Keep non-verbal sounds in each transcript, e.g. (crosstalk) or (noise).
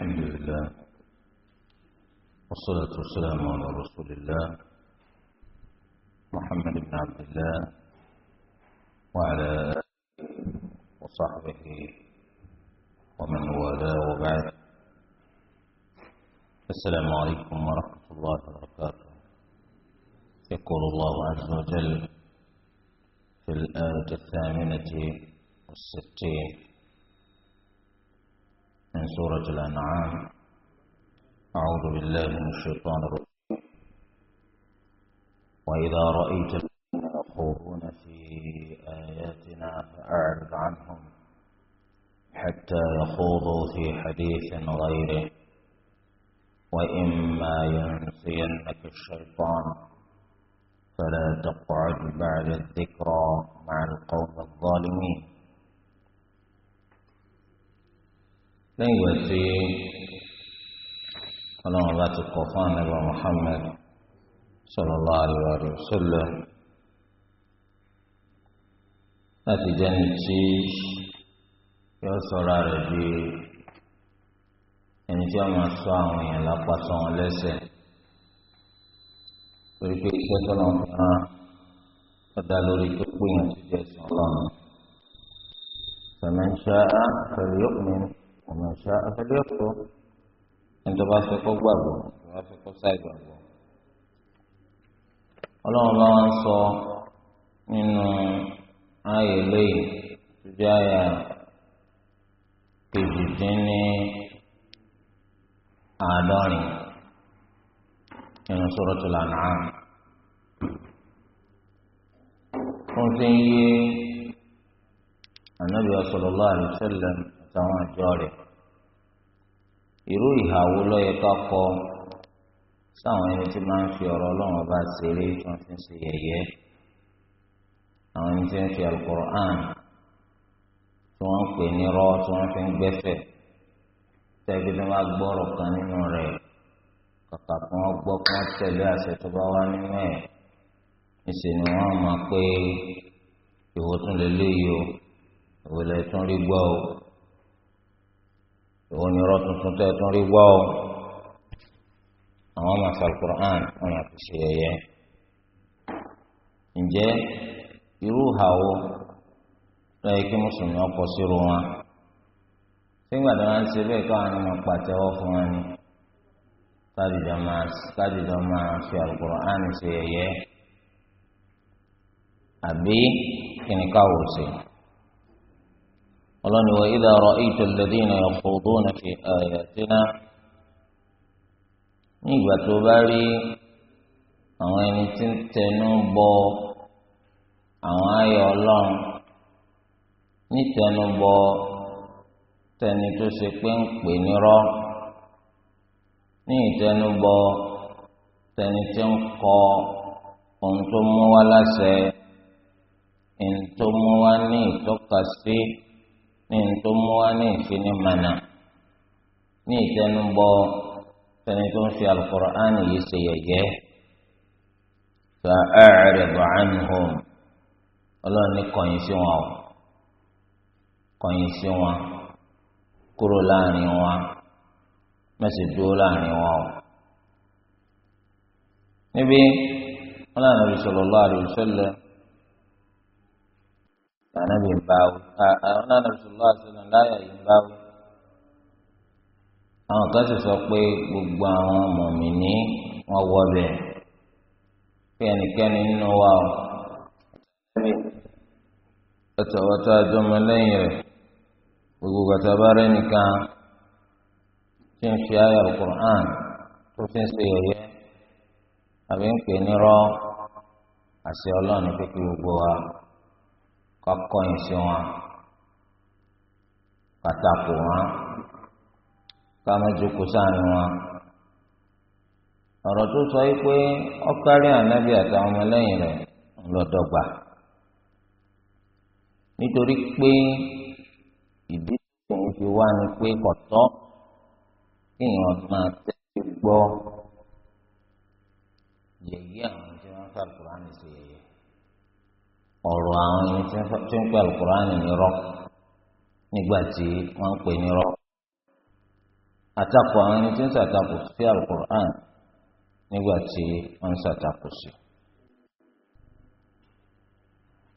الحمد لله والصلاة والسلام على رسول الله محمد بن عبد الله وعلى وصحبه ومن والاه وبعد السلام عليكم ورحمة الله وبركاته يقول الله عز وجل في الآية الثامنة والستين من سورة الأنعام أعوذ بالله من الشيطان الرجيم وإذا رأيت الذين يخوضون في آياتنا فأعرض عنهم حتى يخوضوا في حديث غيره وإما ينسينك الشيطان فلا تقعد بعد الذكرى مع القوم الظالمين lẹ́yìn ìgbà tí ọlọ́run bá ti kọ̀ fún àmì ìwà Muhammad sallallahu alaihi wasallam láti jẹ́ni tí yóò sọ̀rọ̀ rẹ̀ di ẹni tí wọ́n máa sọ àwọn èèyàn lápá wọn lẹ́sẹ̀ torí pé iṣẹ́ tọ́lọ́ ń ọ̀dà lórí tó péyàn ti jẹ́ sùn lọ́nà. فمن شاء فليؤمن ọmọ ṣá afẹ́dẹ́kọ nítorí wọn fẹ́ kọ́ gbàgbọ́ wọn fẹ́ kọ́ sáì gbàgbọ́. ọlọ́run bá wọn sọ nínú ààyè lẹ́yìn tó jẹ́ àyà kejìdínní àádọ́rin nínú Suratul An'am. wọ́n fi ń yé ànábìyà sallallahu alaihi àtàwọn àjọ rẹ̀ irú ìhàwó lọ́yẹ ká kọ sáwọn ẹni tí máa ń fi ọ̀rọ̀ ọlọ́run ọba ṣeré tí wọ́n fi ń ṣe yẹ̀yẹ́ àwọn ẹni tí ń fi alukur'an tí wọ́n ń pè ní rọ́ tí wọ́n fi ń gbẹ́fẹ̀ tẹ́gbẹ́ tí wọ́n gbọ́rọ̀ kan nínú rẹ̀ kàkà kí wọ́n gbọ́ kí wọ́n tẹ̀lé àṣẹ tó bá wá nínú ẹ̀ níṣẹ́ ni wọ́n mọ̀ pé ìwòtún lè léyìí o ìwòlẹ̀ tún rí gbọ́ o ìwọ ni irọ́ tuntun tẹ́ ẹ tún rí gbọ́ ọ àwọn ọmọ sàlùkùrán wọn àti ṣe ẹyẹ ǹjẹ́ irú ìhàwọ́ lọ́yẹ kí mùsùlùmí ọkọ̀ sírò wọn sígbà tí wọ́n ń ṣe bẹ́ẹ̀ káwọn ọmọ pàtẹ́wọ́ fún wọn ni kádìjọ máa fi àlùkùrán ṣe ẹyẹ àbí kíni káwọ́ ṣe ọlọ́ni wa idha ra'ayta alladhina yakhuduna fi ayatina ní ìgbà tó bá rí àwọn ẹni tí ń tẹnu bọ àwọn ayọ̀ ọlọ́run nítẹnu bọ tẹni tó ṣe pé ń pè nírọ́ ní ìtẹnu bọ tẹni tí ń kọ ohun tó mú wá láṣẹ ohun tó mú wá ní ìtọ́ka ní tó mú wá ní ìfini mànà ní ìtẹnubọ tẹni tó ń fi alukur'an yìí ṣe yẹ̀yẹ́ fa a'ridu anhum ọlọ́run ní sí wọn o sí wọn kúrò láàrin wọn mẹ́sì dúró wọn o. níbi wọn lànàbì ń báwò àwọn náà Rasulullah àṣìlò láyà yìí ń báwò. àwọn kan sì sọ pé gbogbo àwọn mọ̀mìnì wọn wọ bẹ̀ pé ẹnikẹ́ni nínú wa ò ọ̀tọ̀ọ̀tọ̀ àjọmọlẹ́yìn rẹ̀ gbogbo gbàtà bá rẹ̀ nìkan tí ń fi ayọ̀ al tó fi ń ṣe yẹ̀yẹ́ àbí ń pè ní rọ́ àṣẹ ọlọ́run pé gbogbo wa kakọyìn sí wọn kàtàkù wọn kàmẹjọkọ sáàrin wọn ọ̀rọ̀ tó sọ yìí pé ọkárí ànábì àtàwọn ọmọlẹ́yìn rẹ̀ ńlọdọgba nítorí pé ìdí tó ń fi wá ni pé kọtọ kéèyàn máa tẹ́tí gbọ́ yẹ̀yẹ́ àwọn tí wọ́n ń sàkóra nìṣẹ́ yẹn ọ̀rọ̀ àwọn ẹni tí ń pè alukur'ani nírọ́ nígbà tí wọ́n ń pè nírọ́ àtakò àwọn ẹni tí ń ṣàtakò sí alukur'ani nígbà tí wọ́n ń ṣàtakò sí.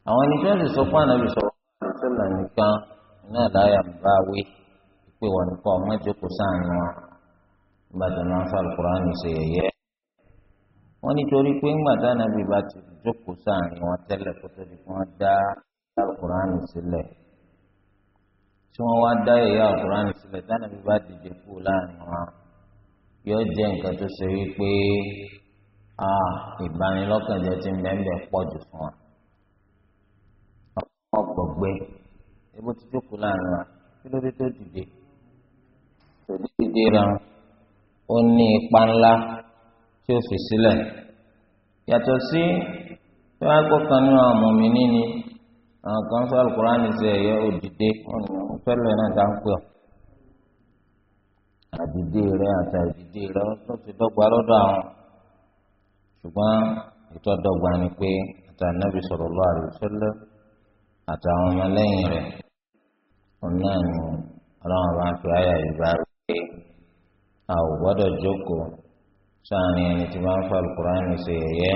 àwọn ẹni tí wọ́n sì sọ fún ànábì sọ̀rọ̀ ṣẹlẹ̀ nìkan náà láyà ń bá wí pé wọ́n ní kọ́ ọmọ ìjókòó sáà ní wọ́n ń fa alukur'ani ṣe yẹ̀yẹ́ wọ́n nítorí pé ńgbà dáná bíi bá ti jókòó sáàrin wọn tẹ́lẹ̀ kó tó di kí wọ́n dá alukuraani sílẹ̀ tí wọ́n wá dá ẹ̀yà alukuraani sílẹ̀ dáná bíi bá dìde kú láàrin wọn yóò jẹ́ nǹkan tó ṣe wípé a ìbanilọ́kànjẹ́ ti ń bẹ́ẹ̀ pọ̀ jù fún wa ọgbọgbẹ ebo ti jókòó láàrin wa kí ló dé tó dìde tó dìde rẹ ó ní ipa ńlá tí ó fi sílẹ̀ yàtọ̀ sí tí wọ́n á gbọ́ kan nínú àwọn mọ̀mí níní àwọn kan sọ alukurani ṣe ẹ̀yẹ òdìdé ọ̀nà fẹ́lẹ̀ náà dá ń pè ọ́ àdìdé rẹ àti àdìdé rẹ tó ti dọ́gba lọ́dọ̀ àwọn ṣùgbọ́n ìtọ́dọ̀gba ni pé àtànàbì sallallahu alaihi wasallam àtàwọn ọmọlẹ́yìn rẹ̀ ọ̀nà ni ọlọ́run bá ń fi àyà ìbá rẹ̀ pé a ò gbọ́dọ̀ jókòó. sáàrin ẹni tí wọ́n fa alukur'an ṣe yẹ̀yẹ́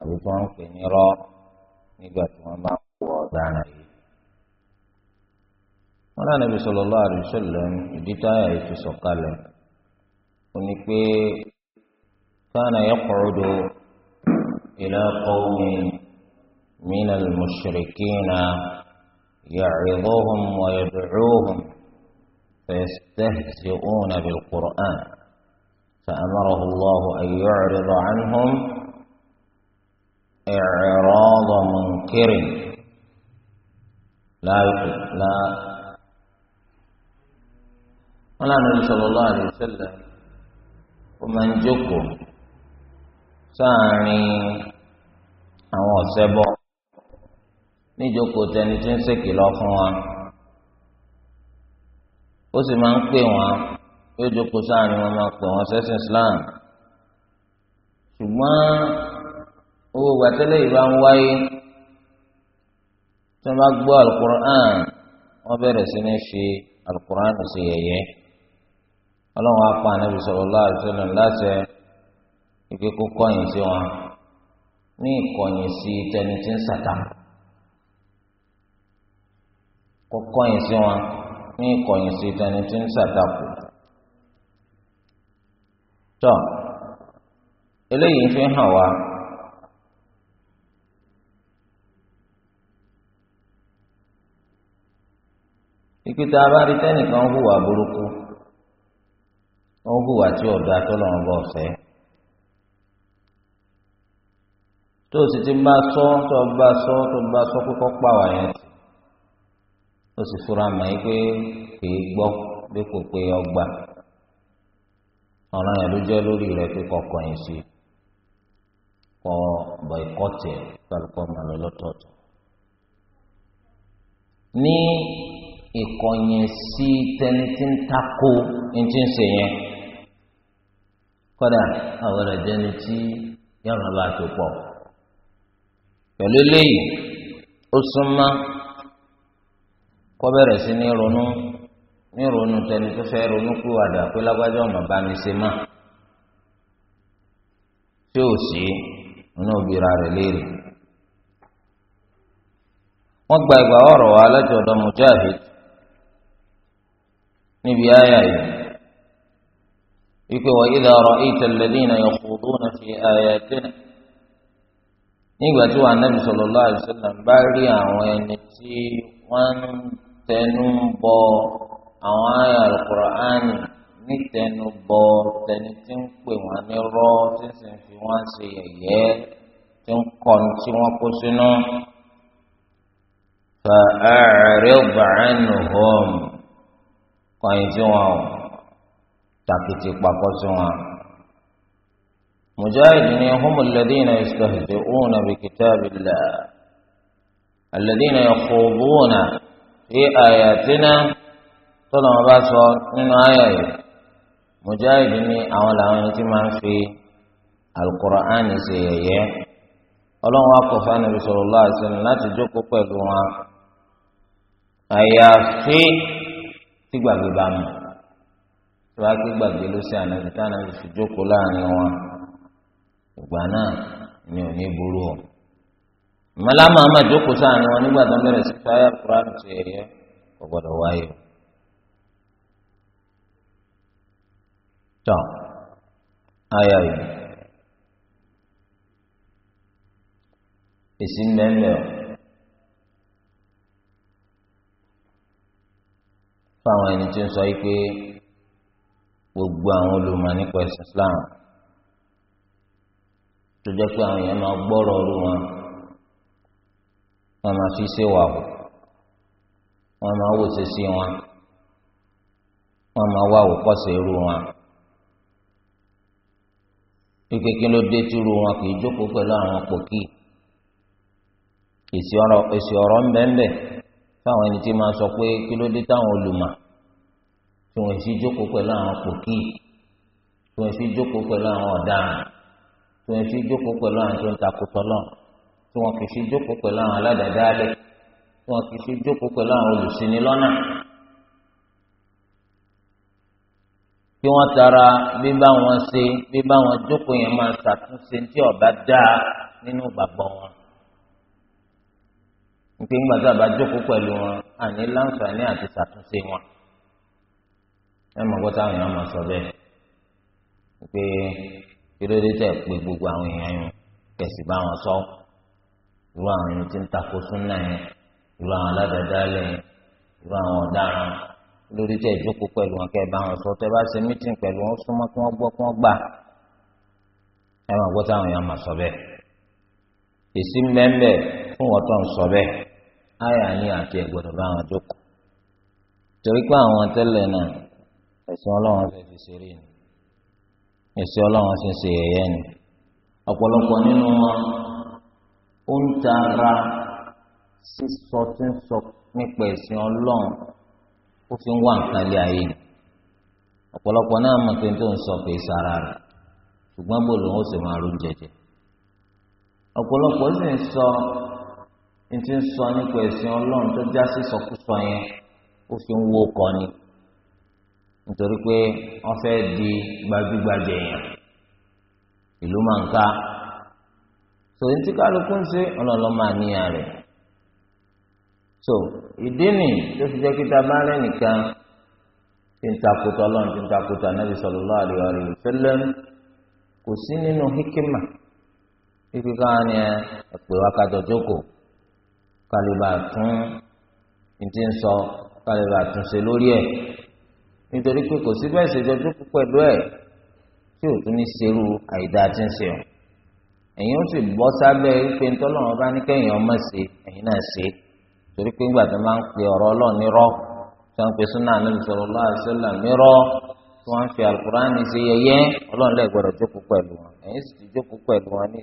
àbí tí wọ́n pè ní rọ́ nígbà tí wọ́n bá kó ọ̀daràn yìí. wọ́n náà Nabi sallallahu alaihi wasallam ìdí táyà ti sọ̀kalẹ̀ ó ní pé kana yaqudu ila qawmin minal mushrikina ya'iduhum wa yad'uhum fayastahzi'una bil Qur'an. فأمره الله أن يعرض عنهم إعراض منكر لا يقل لا ولا النبي صلى الله عليه وسلم ومن جكم ساني أو سبع níjókòó tẹni tí ń ṣèkìlọ̀ fún wa yóò jókòó sáàrin wọn máa pè wọn sẹ́sìn Islam ṣùgbọ́n owó gbàtẹ́lẹ̀ ìlú à ń wáyé tí wọ́n bá gbọ́ alukur'an wọ́n bẹ̀rẹ̀ sí ní ṣe alukur'an sí yẹ̀yẹ́ ọlọ́run apá anabi sallallahu alaihi wasallam láti ike kó kọ̀yìn sí wọn ní ìkọ̀yìn sí tẹni tí ń sàtà kó kọ̀yìn sí wọn ní ìkọ̀yìn sí tẹni tí ń sàtà kù. tọ eléyìí fi hàn wá. ìpìtà abárí tẹnìkan hùwà burúkú ó hùwà tí ọ̀dà tọ́lọ́run bọ̀ fẹ́ tó o sì ti bá sọ tó o bá sọ tó o bá sọ kókó pa wà yẹn tì ó fura ẹ pé kì í ọ̀ràn yẹn ló jẹ́ lórí rẹ̀ pé kọ̀ọ̀kọ̀ yẹn sí kọ bọ̀ìkọ́tì ẹ̀ kálukọ́ lọ́tọ̀ọ̀tọ̀. ní ìkọ̀yìn sí tẹni tí ń takò ní ti ń ṣe yẹn kódà àwọn ẹ̀jẹ̀ ni tí yàrá bá tó pọ̀ pẹ̀lú eléyìí ní ronú tẹni tó fẹ́ ronú pé wàdà pé lágbájá ọmọ bá mi ṣe mọ́ tí ò sí nínú òbíra rẹ̀ léèrè. wọ́n gba ìgbà ọ̀rọ̀ wa láti ọ̀dọ̀ mujahid níbi àyà yìí wípé wa idha ra'ayta alladhina yakhuduna fi nígbà tí wàá sallallahu alaihi wasallam bá rí àwọn ẹni tí bọ. àwọn ayé alukuraani nítẹnu bọ tẹni tí ń pè wọn ní rọ tí ń sìn fi wọn ṣe yẹ̀yẹ́ tí ń kọ ní tí wọn kó sínú. فأعرض عنهم kọ̀yìn sí wọn o tàkìtì papọ̀ sí wọn. مجاهد هم الذين يستهزئون بكتاب الله الذين يخوضون في آياتنا tọ́lọ̀ wọn bá sọ nínú àyà yìí mujahid ní àwọn làwọn ẹni tí máa ń fi alukur'an ṣe yẹ̀yẹ́ ọlọ́run akọ̀fà nàbí sallallahu alaihi wasallam láti jókòó pẹ̀lú wọn àyàfi tí gbàgbé bá mọ̀ tí wàá ké gbàgbé ló ṣe ànábi tí ànábi fi jókòó láàrin wọn ìgbà náà ni ò ní burú o mọlámà má jókòó sáàrin wọn nígbà tó ń bẹ̀rẹ̀ sí fáyà kúránù ṣe yẹ̀yẹ́ kò wáyé o. tọ ayọ̀ yìí èsì mẹ́mẹ́ o fáwọn ẹni tí ń sọ yìí pé gbogbo àwọn olùmọ̀ nípa ẹ̀sìn Islam tó jẹ́ pé àwọn èèyàn máa gbọ́rọ̀ ọ̀rọ̀ wọn wọ́n máa fi ṣèwà o wọ́n máa wòṣe sí wọn wọ́n máa wá òkọ́ṣe irú wọn wípé kí ló dé tìrú wọn kì í jókòó pẹ̀lú àwọn pòkì èsì ọ̀rọ̀ ń bẹ́ẹ̀ bẹ́ẹ̀ fáwọn ẹni tí máa sọ pé kí ló dé táwọn olùmọ̀ tí wọ́n sì jókòó pẹ̀lú àwọn pòkì tí wọ́n sì jókòó pẹ̀lú àwọn ọ̀daràn tí wọ́n sì jókòó pẹ̀lú àwọn tó ń takùtọ̀ lọ tí wọ́n kì í sì jókòó pẹ̀lú àwọn aládàádáálẹ̀ tí wọ́n kì í sì jókòó pẹ̀lú àwọn olùsìnilọ́nà. kí wọ́n tara bíbá wọn ṣe bíbá wọn jókòó yẹn máa ṣàtúnṣe tí ọba dáa nínú gbàgbọ́ wọn. nítorí nígbà tí ọba jókòó pẹ̀lú wọn àní láǹfààní àti ṣàtúnṣe wọn. ẹ mọ̀ gbọ́dọ̀ àwọn èèyàn máa sọ bẹ́ẹ̀ pé kílódé tẹ̀ pé gbogbo àwọn èèyàn yẹn kẹ̀sì bá wọn sọ irú àwọn ẹni tí ń takò súnà yẹn irú àwọn aládàáda lẹ̀ irú àwọn ọ̀daràn lórí tẹ ìjókòó pẹ̀lú wọn kẹ́ ẹ bá wọn sọ tẹ bá ṣe mítìn pẹ̀lú wọn súnmọ́ kí wọ́n gbọ́ kí wọ́n gbà ẹ máa gbọ́ táwọn èèyàn máa sọ bẹ́ẹ̀ èsì mẹ́mẹ́ fún wọn tó ń sọ bẹ́ẹ̀ àyà ní àti ẹ̀gbọ́dọ̀ bá wọn jókòó torí pé àwọn tẹ́lẹ̀ náà ẹ̀sìn ọlọ́run fẹ́ fi ṣeré ni ẹ̀sìn ọlọ́run sì ṣe ẹ̀yẹ ni ọ̀pọ̀lọpọ̀ nínú wọn ó ń tara sísọ tí ń sọ nípa ẹ̀sìn ọlọ́run ó fi ń wá nǹkan lé ayé ni ọ̀pọ̀lọpọ̀ náà mọ̀ pé tó ń sọ pé sára rẹ̀ ṣùgbọ́n bò lòun ó sì máa ronú jẹjẹ ọ̀pọ̀lọpọ̀ sì ń sọ ní ti ń sọ nípa ẹ̀sìn ọlọ́run tó já sí sọkúsọ yẹn ó fi ń wó kọ ni nítorí pé wọ́n fẹ́ di gbajúgbajà èèyàn ìlú máa ń ká tòun tí kálukú ń ṣe ọlọ́lọ́ máa níyà rẹ̀ so ìdí nì tó fi jẹ́ kí ta bá rẹ̀ nìkan tí ń takùtà ọlọ́run tí ń takùtà nàbì sallallahu alaihi wa sallam kò sí nínú hikima fífi ká ni ẹ pè wá kájọ jókòó kálíbà tún ní ti ń sọ kálíbà tún ṣe lórí ẹ̀ nítorí pé kò sí bẹ́ẹ̀ ṣèjọ jókòó pẹ̀lú ẹ̀ tí ò tún ní serú àìdá tí ń ṣe ọ̀ ẹ̀yin ó sì bọ́ sábẹ́ pé ntọ́lọ́run bá ní kẹ́yìn ọmọ ṣe ẹ̀yin náà ṣe é. torí pé ńgbà tó máa ń pe ọ̀rọ̀ ọlọ́run nírọ́ tó ń súnà Ànábì sallallahu alaihi wasallam nírọ́ tó ń fi alukurani ṣe yẹ̀yẹ́ ọlọ́run gbọ́dọ̀ jókòó pẹ̀lú wọn sì ti jókòó pẹ̀lú wọn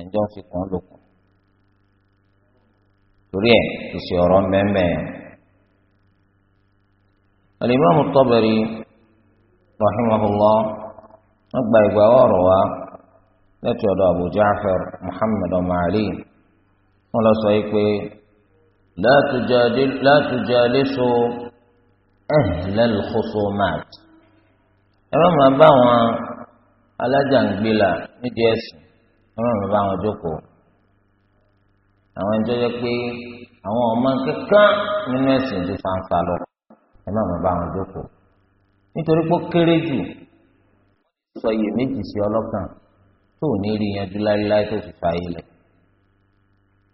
ẹ̀jọ́ ń fi kàn lókun torí kò sí Ali wọ́n lọ لا تجالسوا أهل الخصومات ẹ̀rọ máa على àwọn alájàngbìlà nídìí ẹ̀sìn ẹ̀rọ máa bá àwọn jókòó àwọn ẹni tó yẹ pé àwọn ọmọ kankan nínú ẹ̀sìn ju fanfa lọ ẹ̀rọ máa bá àwọn jókòó nítorí pé ó kéré jù sọ iyèméjì sí ọlọ́kàn tó ò ní rí yanjú láéláé tó fi fààyè lẹ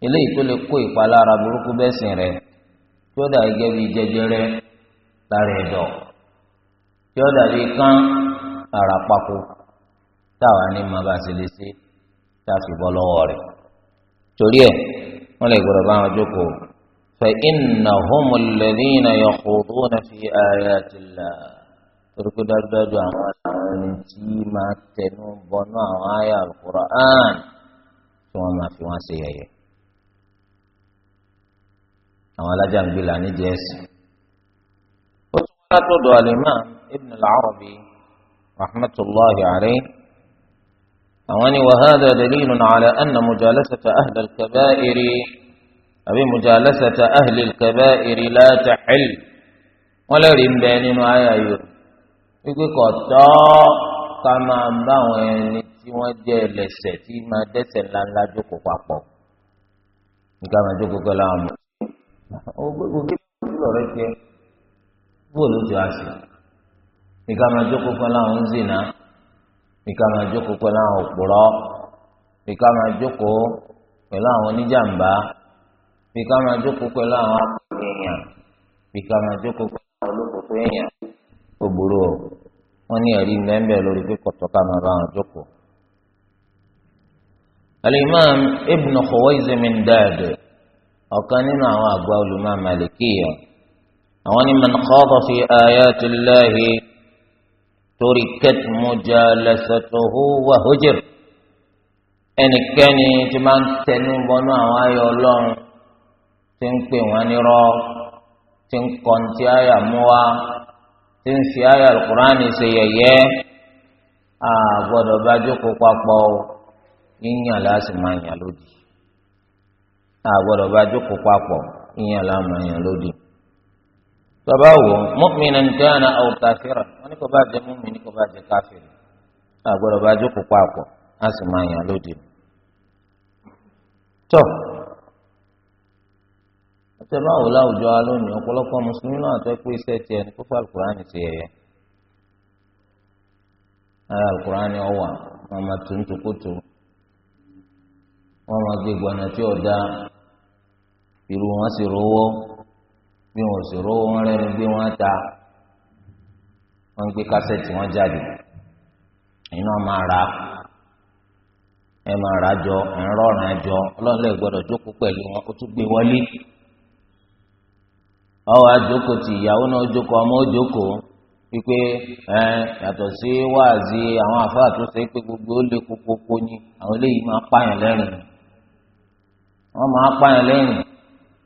eléyìí tó lè kó ìpalára burúkú bẹ́sìn rẹ tí ó dà gẹ́gẹ́ bí jẹjẹrẹ lára ẹ̀dọ̀ tí ó dàbí kán ara pako táwa ní ma bá ṣe lè ṣe tá a fi bọ́ lọ́wọ́ rẹ̀ torí ẹ̀ wọ́n lè gbọ́dọ̀ bá wọn jókòó fẹ́ iná lẹ́dínà yọ kóòtù fi ààyè àtìlá torí dájúdájú àwọn ẹni tí máa tẹnu bọnú àwọn àyà Al-Qur'an tí wọ́n máa fi wọ́n ṣe yẹ̀yẹ́ àwọn alájàngbìlà nídìí ẹ̀sìn. ó tún wá látọ̀dọ̀ alimam ibn al-arabi rahmatulahi alayhi àwọn ni wàhálà dalilu nàcàlẹ̀ anna mujalasata ahlil kabaa'iri àbí mujalasata ahlil kabaa'iri la taxil wọn lè rí mbẹ nínú àyà yìí wípé kò tọ́ ká máa bá àwọn ẹni tí wọ́n jẹ́ ẹlẹ́ṣẹ̀ tí máa dẹ́ṣẹ̀ ńláńlá jókòó papọ̀ nígbà máa jókòó pẹ̀lú àwọn mọ̀ ògbé lọ̀rọ̀ tiẹ̀ bóòlù ti wá sí nìka máa jókòó pẹ́ láwọn ń zìnà nìka máa jókòó pẹ́ láwọn òpùrọ́ nìka máa jókòó pẹ̀lú àwọn oníjàmbá nìka máa jókòó pẹ̀lú àwọn akọ̀wé èèyàn nìka máa jókòó pẹ̀lú àwọn olókòókò èèyàn ògbúrò wọn ní ẹ̀rí mẹ́mbẹ́ lórí pípọ̀ tọ́ka máa bá wọn jókòó. alimami ibn Khuwaizmin Dad ọ̀kan nínú àwọn àgbà olùmọ̀ màlìkìyà àwọn ni man khada fi ayati Allahi turikat mujalasatuhu wa hujir ẹnikẹ́ni tí máa ń tẹnu bọnú àwọn ayọ̀ ọlọ́run tí ń pè wọ́n nírọ́ tí ń kọ́ntì ayà mú tí ń fi ayà alukur'ani ṣe yẹ̀yẹ́ àgbọ̀dọ̀ bá jókòó papọ̀ yíyan láti máa yàn lódì àgbọ̀dọ̀ bá jókòó papọ̀ ìyẹn aláàmọ̀yàn lódì. bàbá wo mọ́kùnrin nìkan àná àwọn káfíìrà wọn ní kò bá jẹ mọ́mí ní kò bá jẹ káfíìrì àgbọ̀dọ̀ bá jókòó papọ̀ á sì máa yàn lódì. tọ́ ọ̀sẹ̀ báwo láwùjọ wa lónìí ọ̀pọ̀lọpọ̀ mùsùlùmí náà tó pé iṣẹ́ tiẹ̀ ní kófà alukur'ani ti yẹ̀yẹ́ ara alukur'ani ọ̀wà wọn máa tó ń wọn máa gbé gbọ̀nà tí ọ̀dà irú wọn sì rówó bí wọn sì rówó wọn rẹni gbé wọn ta wọn gbé kásẹ̀tì wọn jáde iná máa ra ẹ máa ra jọ ẹ ń rọrùn àjọ ọlọ́ọ̀lẹ́ gbọ́dọ̀ jókòó pẹ̀lú wọn ó tún gbé wọlé ọwọ́ ti ìyàwó náà jókòó ọmọ ó jókòó ẹ yàtọ̀ sí wáàzí àwọn àfáà tó ṣe pé gbogbo ó lé ni àwọn eléyìí máa pààyàn lẹ́rìn wọ́n máa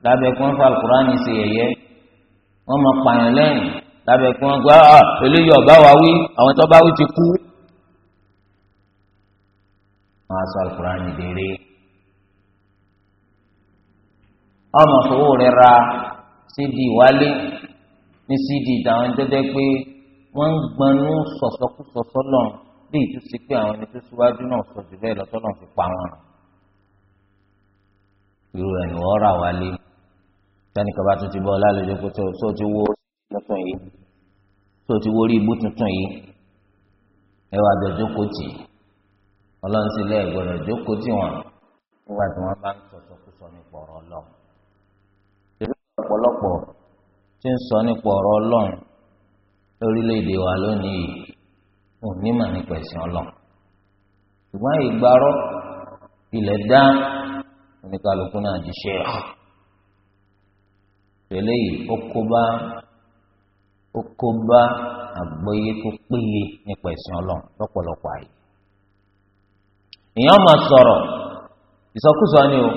lábẹ́ kí wọ́n fa alukurani ṣe yẹ̀yẹ́ wọ́n máa pààyàn lẹ́yìn lábẹ́ kí wọ́n gbá ah, eléyìí ọ̀bá wa wí àwọn tó bá wí ti kú. wọ́n á sọ alukurani dèrè ọmọ fowó rẹ̀ ra sídìí wálé ní sídìí ìdáwọn jẹjẹ pé wọ́n ń gbanú sọsọkúsọsọ lọ bí ìtúsí pé àwọn ẹni tó síwájú náà sọ bẹ́ẹ̀ lọtọ náà fi pa wọn. irú ẹ̀ ni wọ́n rà wálé tẹnìkan bá tún ti bọ́ lálejò pé tó ti wó tuntun yìí tó ti wó rí ibú tuntun yìí ẹ wà dọ̀ jókòó tì ọlọ́run sì lẹ́ẹ̀ gbọ́dọ̀ jókòó tì wọ́n nígbà tí wọ́n bá ń sọ̀tọ̀ kó sọ nípa ọ̀rọ̀ ọlọ́run. ìlú ọ̀pọ̀lọpọ̀ ti ń sọ nípa ọ̀rọ̀ ọlọ́run lórílẹ̀‐èdè wa lónìí yìí òní mà nípa ẹ̀sìn ọlọ́run. ṣùgbọ́n ìgbárọ̀ ilẹ̀ dá oníkàlùkù náà di ṣe é tẹ̀lé okoba ó kó bá ó kó bá àgbọ́yé tó péye nípa ẹ̀sìn ọlọ́run lọ́pọ̀lọpọ̀ àyè. èèyàn máa sọ̀rọ̀ ìsọkúsọ ni o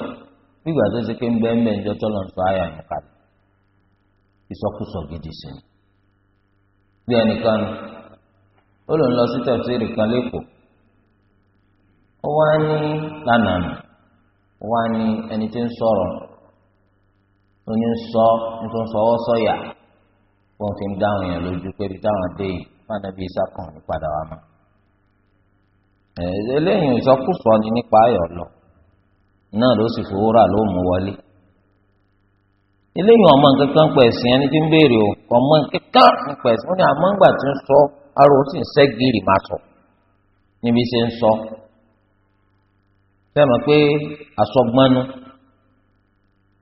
nígbà tó ṣe pé ń bẹ́ẹ̀ mẹ́ẹ̀ ńjọ́ tọ́lọ̀ ń sọ àyà nù ìsọkúsọ gidi sí ni. bí ẹnìkan ó lòun lọ sí tẹ̀síìrì kan lẹ́kọ̀ọ́ ó wá ní oní sọ nítorí fọwọ́ sọ̀yà wọn fi ń dáhùn yẹn lójú pé ibi táwọn dé yìí fáwọn ẹbí sákàn ní padà wà mọ́. eléyìí ìsọkúsọ ni nípa ayọ̀ lọ náà ló sì fowó rà ló mú wọlé. eléyìí ọmọ nǹkan pẹ̀ sí ẹni tí ń béèrè o ọmọ kankan pẹ̀ sí wọn ni àmọ́ ńgbà tí ń sọ arò sì ń sẹ́gìrì máa sọ níbi ṣe ń sọ. fẹ́ẹ̀ mọ̀ pé àsọgbọ́nú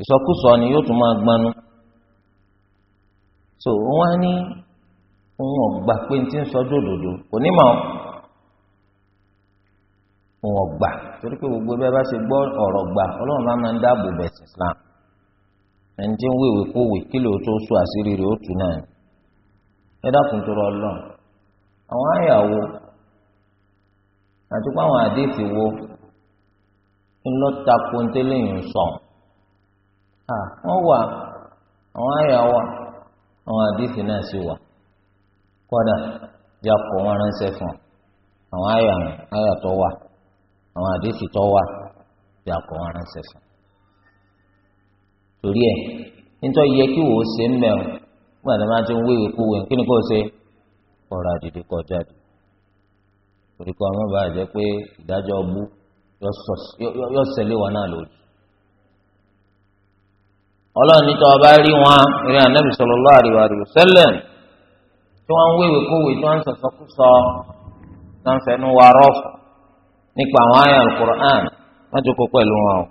ìsọkúsọ ni yóò tún máa gbanú so wọn ní òun ọgbà pé ti ń sọjọ òdòdó kò ní mọ òun ọgbà torí pé gbogbo bẹ́ẹ̀ bá ṣe gbọ́ ọ̀rọ̀ gbà Ọlọ́run bá máa ń dáàbò bẹsẹ Islam ẹni tí ń wéwèé kówèé kí lóò tó sọ àṣírí rẹ̀ ó tù náà ni ẹ dákun tó rọ lọ àwọn àyàwó àti pé àwọn àdéhìí wo ńlọ takò ntẹlẹyìn sọ̀n. wọ́n wà àwọn àyà wà àwọn àdìsí náà sì wà kódà yà kọ́ wọn ránṣẹ́ fún ọ àwọn àyà wọn àyà tó wà àwọn àdìsí tó wà yà kọ́ wọn ránṣẹ́ fún torí ẹ nítorí yẹ kí wò ó ṣe ń mẹ́rin ti ń wéwèé kú kí ni kò ṣe àdìdì pé ìdájọ́ yọ sẹ̀lé wa náà lòdì. ọlọ́run nítorí ọba rí wọn eré anabi sallallahu alaihi wa sallam tí wọ́n ń wéwèé kówé tí wọ́n ń sọ̀sọ́kúsọ tí wọ́n ń fẹnu wa rọ́ọ̀fù nípa àwọn àyà alukur'an má jókòó pẹ̀lú wọn o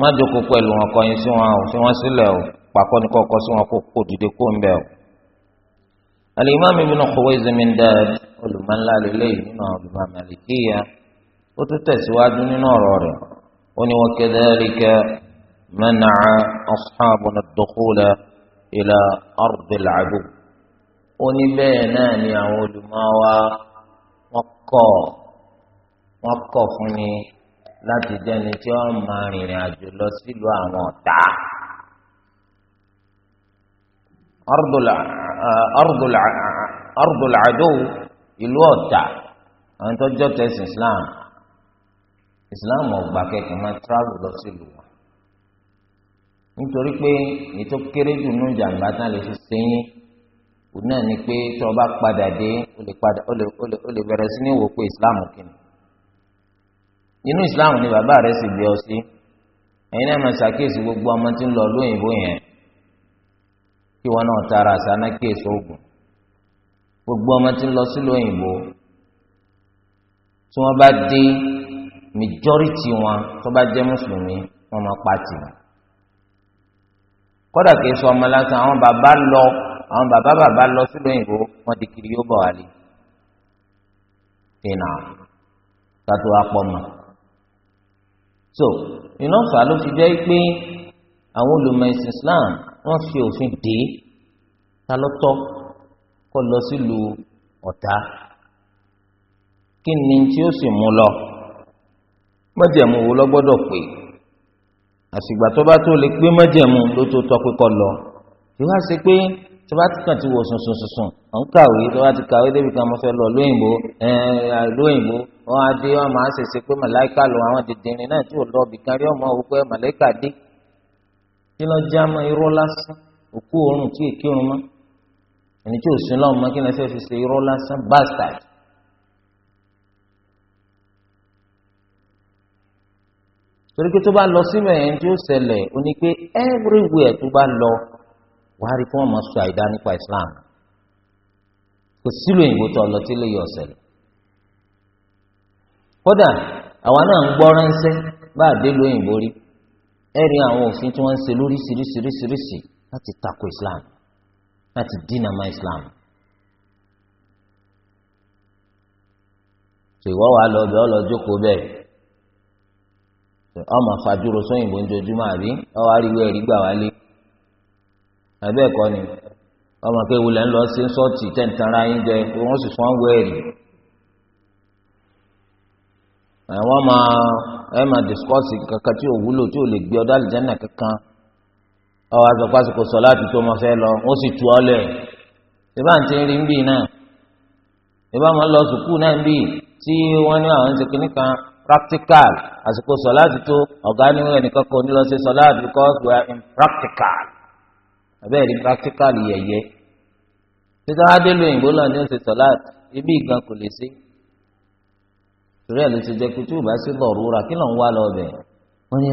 má jókòó pẹ̀lú wọn kọ̀yìn sí wọn o sí wọn sílẹ̀ o pàkọ́ ní kọ́kọ́ sí wọn kó kó dìde kó ń bẹ̀ o. alimami ibn Khuwaylid min Dad olùmọ̀nlá lélẹ́yìn nínú olùmọ̀mọ̀lẹ́kìyà منع أصحابنا الدخول إلى أرض العدو ونبينا يعود ماوى وقا وقا فني láti jẹni tí ó máa rìnrìn àjò lọ sílùú àwọn ọ̀tá ọ̀rùdùl àdó ìlú ọ̀tá àwọn tó jọ tẹ̀sí islam islam ọ̀gbà kẹ̀kẹ́ máa travel lọ sílùú wọn nítorí pé ètò kéré jù nù jàǹbá tán lè fi sẹ́yìn kò náà ni pé tí ọba padà dé ó lè padà ó lè ó lè bẹ̀rẹ̀ sí ní wò pé islam kìnnì inú islam ni bàbá rẹ̀ sì bí ọ sí ẹ̀yin náà máa ṣàkíyèsí gbogbo ọmọ tí ń lọ lóyìnbó yẹn kí wọn náà tara àṣánà kíyèsí oògùn gbogbo ọmọ tí ń lọ sí lóyìnbó tí wọn bá dé majority wọn tó bá jẹ́ mùsùlùmí wọn máa pa tì wọn kódà kìí sọ ọmọ lásán àwọn bàbá lọ àwọn bàbá bàbá lọ sílùú òyìnbó wọn di kiri yóò bọ̀ wálé ìnà kátó apọ̀mọ̀ so iná fà ló fi jẹ́ pé àwọn olùmọ̀ ẹ̀sìn Islam wọ́n fi òfin dé ta lọ́tọ́ lọ sílùú ọ̀tá kí ni tí ó sì mú lọ mọ́jẹ̀mú wo lọ́gbọ́dọ̀ pé àsìgbà tó bá tó lè pé májẹ̀mú ló tó tọ́ pé kọ́ lọ ìwà sí pé tó bá ti kàn ti wò sùn sùn sùn sùn ọ̀ ń kàwé tó bá ti kàwé débi kan mo fẹ́ lọ lóyìnbó lóyìnbó wọn á dé wọn máa ṣèṣe pé màláìka lò àwọn dìndìnrín náà tí ò lọ bìkan rí ọmọ òwú pé màláìka dé kí lọ já mọ irọ́ lásán òkú òórùn tí èké òórùn mọ́ ẹni tí ò sí lọ́wọ́ mọ́ kí lọ fẹ́ fi ṣe irọ́ lásán bastard torí pé tó bá lọ sí mẹ́rin tí ó ṣẹlẹ̀ ó ní pé everywhere tó bá lọ wàá rí kí wọ́n sọ àìdá nípa Islam kò sílò òyìnbó tó lọ tí lè yọ ṣẹlẹ̀ kódà àwa náà ń gbọ́ ránṣẹ́ bá àdélu òyìnbó rí ẹ̀rí àwọn òfin tí wọ́n ń ṣe lóríṣiríṣiríṣiríṣi láti tako Islam láti dínà má Islam. ṣèwọ́ wa lọ bẹ́ẹ̀ ọ lọ jókòó bẹ́ẹ̀. ọmọ fàdúró sóyìnbó ńdojúmọ́ àbí ọwọ́ àríwé ẹ̀rí gbà wálé àbẹ́ ẹ̀kọ́ ni ọmọ pé wulẹ̀ ń lọ sí sọ́ọ̀tì tẹ̀ǹtara yín jẹ wọ́n sì sọ́n wọ ẹ̀rí àwọn máa ẹ máa discourse kankan tí ò wúlò tí ò lè gbé ọdọ àlìjánà kankan ọwọ́ àzọpá àsìkò sọ láti tó ọmọ fẹ́ lọ wọ́n sì tu ọ lẹ̀ ìbá ń ti rí ń bì náà ìbá máa lọ sùkúù náà ń bì tí wọ́n ní àwọn ti kíní kan practical àsìkò sọláàtì tó ọ̀gá ni wọ́n ẹnìkan kò ní lọ sí sọláàtì because we are impractical abẹ́rẹ́ ní practical yẹ̀yẹ́ títí wọ́n á dé lóyìn bó lọ́n ní ṣe sọláàtì ibi ìgan kò lè sí torí ẹ̀ ló ti jẹ́ kutu bá sí lọ́rùúra kí lọ́n wá lọ bẹ̀ wọ́n ní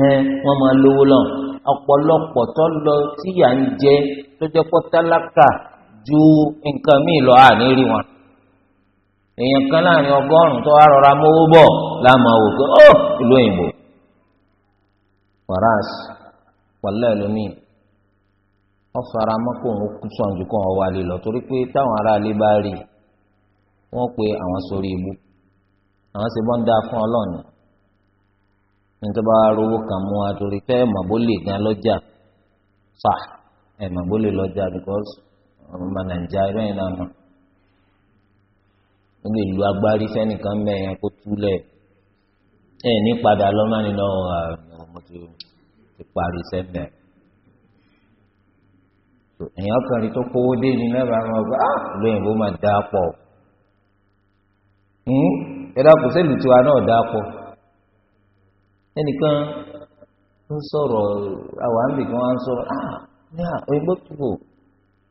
wọ́n máa lówó lọ ọ̀pọ̀lọpọ̀ tó lọ tíyà ń jẹ tó jẹ́ pọ́ tálákà ju nǹkan míì lọ àní rí wọn. èèyàn kan láàrin ọgọ́rùn tó wá rọra mówó bọ̀ láàmú àwò pé ó ìlú òyìnbó wàràs wàlẹ́ ẹlòmíì wọ́n fara mọ́kò kan torí pé táwọn aráalé bá rí pe àwọn sórí ibú àwọn bọ́ ń dáa ó lè lu agbárí sẹ́nìkan mẹ́rin kó túlẹ̀ ẹ̀ ní padà lọ́mọ́ni lọ́wọ́ ọmọ tó ti parí sẹ́mẹ̀. èèyàn kan rí tó kówó dé ní mẹ́fà máa gbọ́ á lóyìnbó máa dá pọ̀ hmm? ẹ dákun sẹ́lù tiwa náà dá pọ̀ ẹnìkan ń sọ̀rọ̀ àwọn àmì kan sọ̀rọ̀ á ah, ní òyìnbó tó kò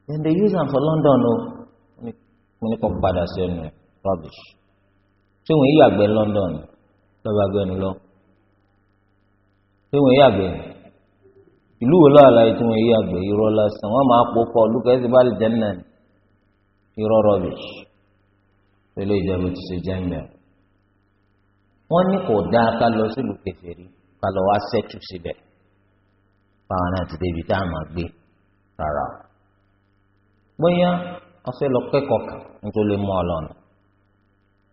and they use am for London o mo ní kó padà sí ẹ̀. rubbish tí wọn yàgbẹ́ London lọba gbẹnu lọ tí wọn ìlú wo tí wọn irọ́ lásán wọn máa pọ̀ irọ́ rubbish pẹ̀lú ṣe wọ́n ní kò dáa ká lọ sílùú kèfèrí ká lọ wá sẹ́tù síbẹ̀ báwọn náà ti débi tá a máa gbé rárá bóyá ọ̀sẹ̀ lọ kẹ́kọ̀ọ́ kan nítorí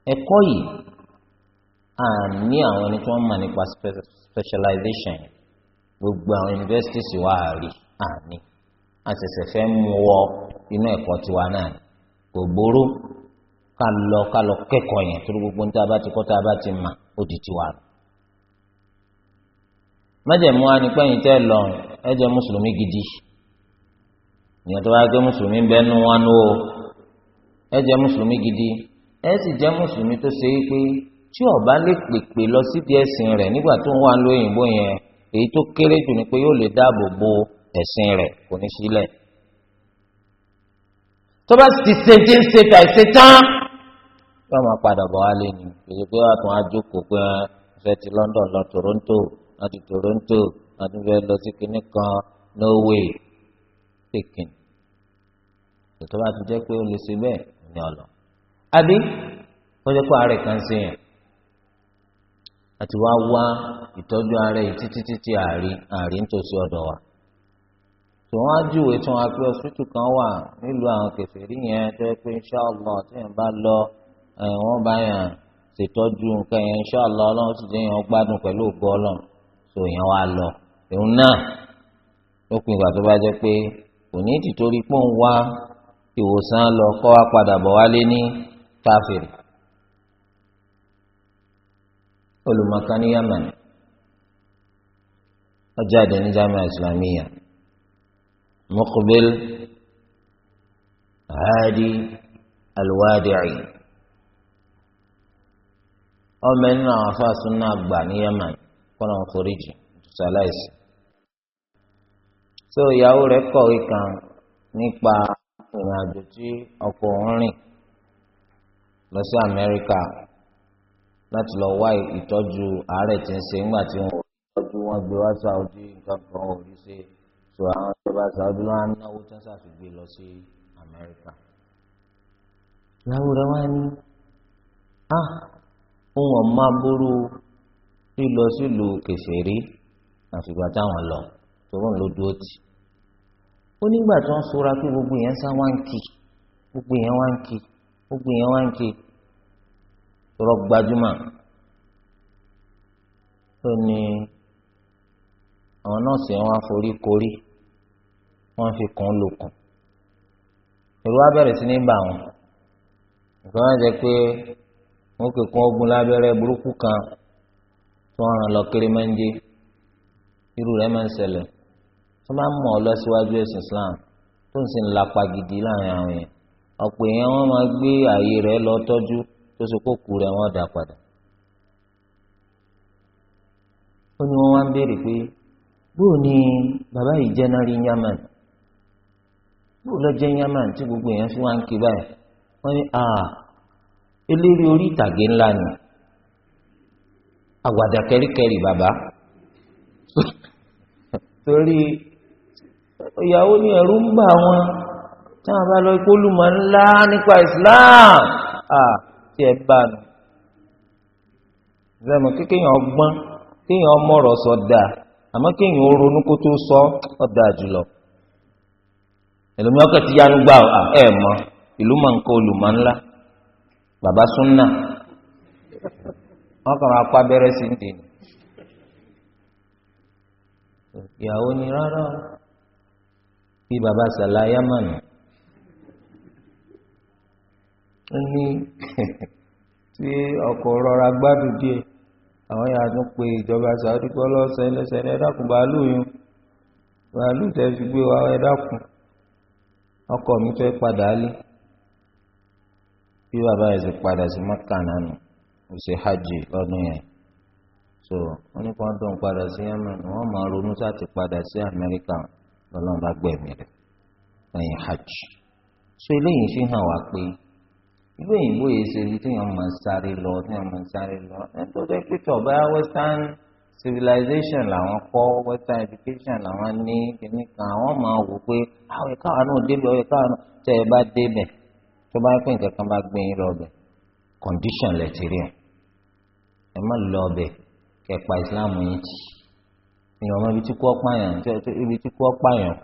ẹ̀kọ́ yìí à ní àwọn ẹni tí wọ́n mọ̀ nípa specialization gbogbo àwọn universities wà á rí àní àṣẹ̀ṣẹ̀ fẹ́ mú wọ inú ẹ̀kọ́ tiwa náà kò gbóró ká lọ ká lọ kẹ́kọ̀ọ́ yẹn torí gbogbo ní tá a bá ti kọ́ tá a bá ti mà ó di tiwa nù. májẹ̀mú wa ni pẹ́yìn tẹ́ lọ ẹ jẹ́ mùsùlùmí gidi ìyẹn tó bá mùsùlùmí bẹ́ẹ̀ nù wọn nù o ẹ mùsùlùmí gidi ẹ sì jẹ́ mùsùlùmí tó ṣe é pé tí ọba lè pèpè lọ síbi ẹ̀sìn rẹ̀ nígbà tó ń wà lóyìnbó yẹn èyí tó kéré jù ni pé yóò lè dáàbò bo ẹ̀sìn rẹ̀ kò ní sílẹ̀ tó bá ti ṣe ti ń ṣe tàì ṣe tán yóò máa padà bọ̀ wá lé èyí pé wàá tún á jókòó pé ṣe ti London lọ Toronto láti Toronto láti fẹ́ lọ sí kinní kan Norway Pekin tó bá ti jẹ́ pé ó lè ṣe bẹ́ẹ̀ ní ọ̀lọ́ àbí wọ́n jẹ́ kó ara ẹ̀ kan sí yẹn àti wá wá ìtọ́jú ara yìí títí títí àárí àárí nítòsí ọ̀dọ̀ wa tí wọ́n á júwèé tí wọ́n á pé ọsítù kan wà nílùú àwọn kèfèrí yẹn tó yẹ pé inṣàlọ́ tí yẹn bá lọ wọ́n bá yàn ṣètọ́jú nǹkan yẹn inṣàlọ́ ọlọ́run sì jẹ́ yẹn gbádùn pẹ̀lú ògbó ọlọ́run tó yẹn wá lọ òun náà lópin ìgbà tó bá jẹ́ pé kò ní tìtorí pọ́ùn wá ìwòsàn lọ kọ́ wá padà bọ̀ wálé ní káfíìrì olùmọ̀kan ní Yemen ọjọ́ àdé ní jamiu islamiyya muqbil hadi alwadi'i ọmọ nínú àwọn afáàsùn náà gbà ní Yemen kọ́nà foríjì ṣàlàyé so ìyàwó rẹ̀ kọ̀wé kan nípa ìrìn tí ọkọ òun rìn lọ sí Amẹ́ríkà láti lọ wá ìtọ́jú àárẹ̀ tí ń ṣe nígbà tí wọ́n tọ́jú wọn gbé wá Saudi nǹkan kan ò rí ṣe so àwọn ìjọba Saudi ló ń náwó tí wọ́n ṣàfigbé lọ sí Amẹ́ríkà. ìyàwó rẹ̀ wá ní à ah, òun ọ̀ma burú lílọ sílùú kẹsẹ̀rí àfìgbà táwọn lọ tòun ló dúró tì. ó nígbà tí wọ́n sọra pé gbogbo yẹn sá wá ń kí gbogbo yẹn wá ń kí gbogbo yẹn wá ń ké tọrọ gbajúmọ̀ tó ní àwọn nọ́ọ̀sì yẹn wá forí korí wọ́n fi kàn án lòkùn ìrù wa bẹ̀rẹ̀ sí ní bà wọ́n nǹkan wá jẹ́ pé wọ́n kò kún ogun lábẹ́rẹ́ burúkú kan tó ń ràn lọ kiri máa ń jẹ irú rẹ̀ máa ń ṣẹlẹ̀ tó máa ń mọ̀ ọ́ lọ síwájú ẹ̀sìn Islam tó ń sin lápá gidi láàrin àwọn yẹn ọ̀pọ̀ èèyàn wọ́n máa gbé ààyè rẹ̀ lọ tọ́jú tó so kókù rẹ̀ wọ́n dà padà. ó ní wọ́n wá ń béèrè pé bóò ni bàbá yìí jẹ́ náà rí yaman bóò lọ jẹ́ yaman tí gbogbo èèyàn fi wá ń kí báyìí wọ́n ní à eléré orí ìtàgé ńlá ni àwàdà kẹríkẹrí bàbá (laughs) torí ìyàwó ni ẹ̀rù ń bà wọ́n tí wọn bá lọ ikú olùmọ̀ ńlá nípa islam tí ẹ bá nù. ìrẹ́mọ̀ kékeré ọgbọ́n kéèyàn ọmọ ọ̀rọ̀ sọ dáa àmọ́ kéèyàn ó ronú kó tó sọ ọ́ dáa jùlọ. ẹlòmíọ́ kẹ̀ ti yanu gbà ẹ̀ mọ́ ìlú mọ̀ nǹkan olùmọ̀ ńlá bàbá súnà wọn kàn máa pa abẹ́rẹ́ sí ndè ní. ìyàwó ni rárá o bí bàbá sàlàyé mọ̀ nù. ní (laughs) tí ọkọ̀ rọra gbádùn díẹ̀ àwọn yàrá tún pe ìjọba Saudi kọ́ lọ́sẹ̀ ẹlẹ́sẹ̀ ẹ dákun bàálù yín bàálù tẹ́ fi gbé wa ẹ dákun ọkọ̀ mi fẹ́ padà lé bí bàbá yẹn ti padà sí Mẹ́kà nánu kò sí hajj lọ́dún yẹn so wọ́n ní kàn dùn padà sí Yemen wọ́n máa ronú sáti padà sí Amẹ́ríkà lọ́lọ́run bá gbẹ̀mí rẹ̀ lẹ́yìn hajj so eléyìí fi hàn wá pé ìlú òyìnbó yìí ṣe ibi tí wọ́n máa ń sáré lọ tí wọ́n máa ń sáré lọ nítorí pé tọ̀bá western civilization làwọn kọ́ western education làwọn ní kíní kan àwọn máa wò pé àwọn ẹ̀ka àwọn náà débẹ̀ ẹ̀ka àwọn tẹ́ ẹ bá débẹ̀ tó bá pín nǹkan kan bá gbé yín lọ bẹ̀ condition lẹ̀ ti rí ẹ̀ ẹ má lọ bẹ̀ kẹpa islam yìí tì ìyọ̀mọ́ ibi tí kú ọ́ pààyàn ibi tí kú ọ́ pààyàn kù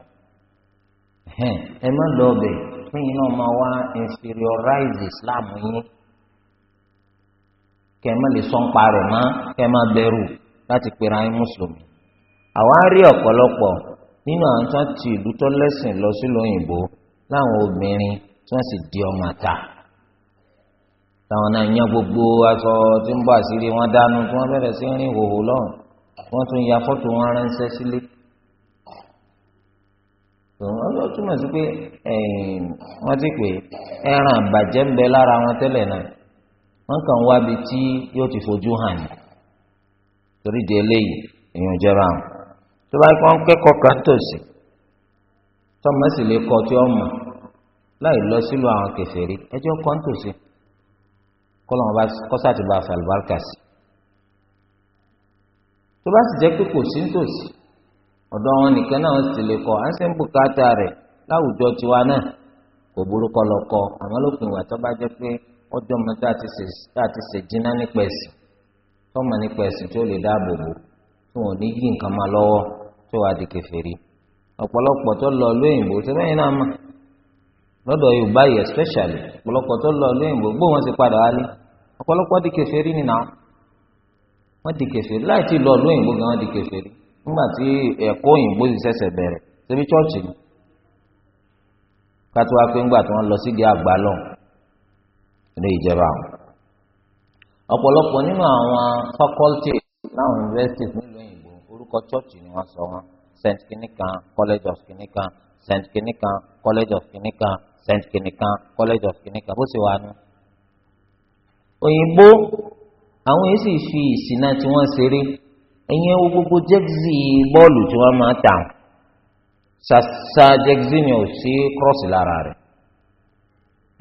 ẹ má lọ bẹ̀ fẹ́yìn náà máa wá inferiorize Islam yín kẹ́ ẹ má lè sọ ń parẹ̀ mọ́ kẹ́ ẹ má bẹ̀rù láti pera yín mùsùlùmí. àwa rí ọ̀pọ̀lọpọ̀ nínú àwọn tó ti ìlú tó lẹ́sìn lọ sílùú òyìnbó láwọn obìnrin tí wọ́n sì di ọmọ àta táwọn náà yan gbogbo aṣọ tí ń bọ̀ àṣírí wọn dánú tí wọ́n bẹ̀rẹ̀ sí rìn hòhò lọ́hùn wọ́n tún ya fọ́tò wọn ránṣẹ́ sílé tòun lọ túmọ̀ sí pé wọ́n ti pè ẹran àbàjẹ́ ń bẹ lára wọn tẹ́lẹ̀ náà wọ́n kàn wá bi tí yóò ti fojú hàn ní torí di eléyìí èèyàn jẹba àwọn tó bá kọ́ ń kẹ́kọ̀ọ́ kan tòsí tọ́mọ sì lè kọ́ tí ó mọ̀ láì lọ sílùú àwọn kèfèrí ẹjọ́ kọ́ ń tòsí kọ́ lọ́wọ́ bá kọ́sà ti bá àfàlùbáríkà sí tó bá sì jẹ́ pé kò sí ń tòsí. ọ̀dọ̀ àwọn nìkan náà sì lè kọ́ à ń ṣe ń bùkátà láwùjọ tiwa náà kò burúkọ kọlọkọ àwọn àmọ́ ìwà tó bá jẹ́ a ti ṣe jiná nípa ẹ̀sìn tọ́mọ nípa ẹ̀sìn tí lè dáàbò bò tí wọn ní yí nǹkan máa lọ́wọ́ tó wàá di ọ̀pọ̀lọpọ̀ tó lọ lóyìnbó tí wọ́n náà mọ̀ lọ́dọ̀ wọn ti padà wálé ọ̀pọ̀lọpọ̀ di nìyà wọ́n di láì nígbà tí ẹ̀kọ́ òyìnbó ti ṣẹ̀ṣẹ̀ bẹ̀rẹ̀ síbi chọ́ọ̀chì ni kátó wá pé ńgbà tí wọ́n lọ síbi àgbà lọ ilé ìjẹba àwọn. ọ̀pọ̀lọpọ̀ nínú àwọn faculty láwọn universities nílùú òyìnbó orúkọ chọ́ọ̀chì ni wọ́n sọ wọn st kinikan college of kinikan st kinikan college of kinikan st kinikan college of kinikan bó sì wà nù. òyìnbó àwọn èsì fi ìsìn náà tí wọ́n ṣeré. ẹ̀yin wo gbogbo jẹ́gìsì bọ́ọ̀lù tí wọ́n máa tà ṣàṣà jẹ́gìsì ni ò sí kírọ́ọ̀sì lára rẹ̀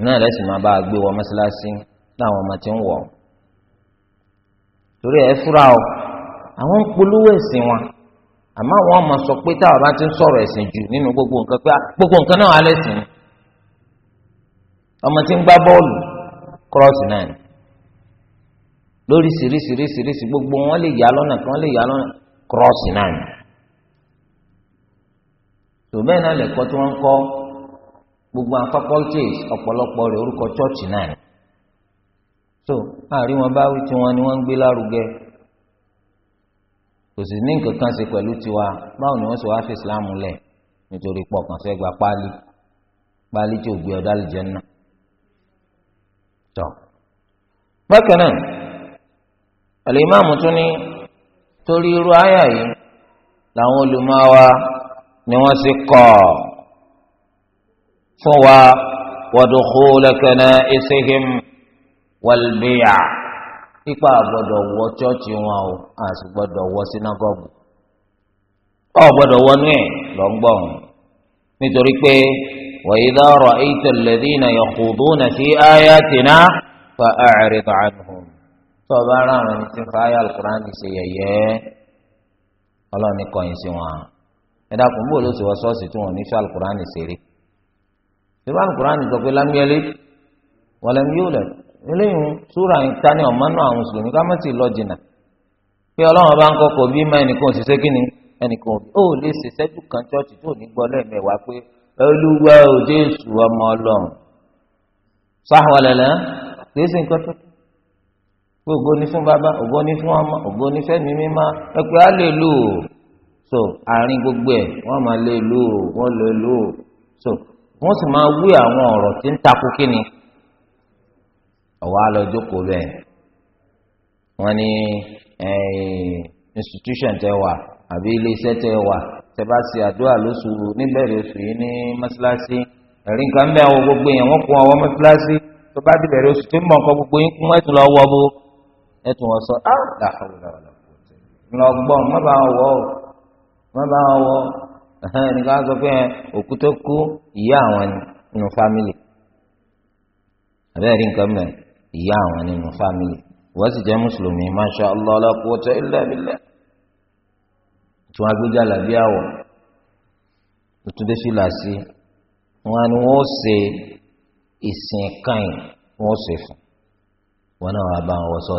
náà lẹ́sìn máa bá a gbé wọ mọ́ṣáláṣí ọmọ tí ń wọ̀ torí ẹ fúra o ti ń sọ̀rọ̀ ẹ̀sìn jù gbogbo nǹkan pé ah, gbogbo nǹkan náà alẹ́ sìn ọmọ tí ń gbá bọ́ọ̀lù kírọ́ọ̀sì náà ni lóríṣiríṣiríṣiríṣi gbogbo wọn lè yà lọ́nà kan lè yà lọ́nà kírọ́ọ̀sì náà ni. tòbẹ́ẹ̀ náà lẹ́kọ́ tí wọ́n ń kọ́ gbogbo àwọn faculties ọ̀pọ̀lọpọ̀ rẹ̀ orúkọ chọ́ọ̀chì náà ni. so àárín wọn báwí tí wọn ni wọ́n ń gbé lárugẹ kò sì ní nǹkan kan ṣe pẹ̀lú tiwa báwo ni wọ́n ṣe wá fi Islam lẹ̀ nítorí pọkàn fẹ́ gba páálí páálí tí ò gbé ọ̀dà àlùjànnà. bákan náà alimami tún ní torí irú àyà yìí làwọn olùmọ̀wá ni wọ́n sì kọ́ fún wa wadukhula kana'isihim walbiya ipa àgbọ̀dọ̀ wọ chọ́ọ̀chì wọn o a sì gbọ́dọ̀ wọ sinagogu ọ̀ gbọ́dọ̀ wọnú ẹ̀ lọ́ ń gbọ̀n nítorí pé wa idha ra'ayta alladhina yakhuduna fi ayatina fa'rid anhum. tó ara àwọn ẹni tí ń fa ayé alukurani ṣe wọn ẹ dákun bó ló ti wọ ṣọ́ọ̀ṣì tí wọn ní fi alukurani ṣeré ṣùgbọ́n alukurani sọ pé lámúyẹlé wọlẹ́mú yóò eléyìí súra ìta àwọn mùsùlùmí ká má ti lọ pé bá ń kò bí má ẹnìkan kí ni ẹnìkan òbí ó lè ṣe kan tó ní pé olúwa ọmọ ọlọ́run sáwọn gbogbo ní fún bàbá ògo ní fún ọmọ ògo ní fẹmi mímá ẹ pé á lè lù ú so àárín gbogbo ẹ wọn máa lè lù ú wọn lè lù ú so wọn sì máa wí àwọn ọ̀rọ̀ tí ń takú kíni ọwọ alọjókòó bẹ́ẹ̀ wọn ní institution tẹ wà àbí iléeṣẹ́ tẹ wà tẹ bá ṣe àdúrà lóṣù níbẹ̀rẹ̀ oṣù yìí ní mọ́ṣáláṣí ẹ̀rí nǹkan bẹ́ẹ̀ àwọn gbogbo yẹn wọ́n kún ọwọ́ mọ́ṣáláṣí tó bá dìbẹ̀rẹ̀ oṣù tó ń bọ̀ nǹkan gbogbo yín kún ẹ̀sùn lọ́wọ́ bó ẹ tún sọ ah làwọn ọ̀rọ̀ lọ gbọ́n má bàa wọ̀ ọ́ má bàa wọ̀ ọ́ nìkan sọ pé òkú tó kú ìyá àwọn nínú fámìlì àbẹ́rẹ́ nǹkan mẹ́ ìyá àwọn nínú fámìlì wọ́n sì jẹ́ mùsùlùmí masha allah la quwwata illa billah tí wọ́n agbéjà làbí àwọ̀ tuntun dé fìlà sí wọn ni wọ́n ṣe ìsìn kan yìí wọ́n ṣe fún wọn náà wà bá wọn wọ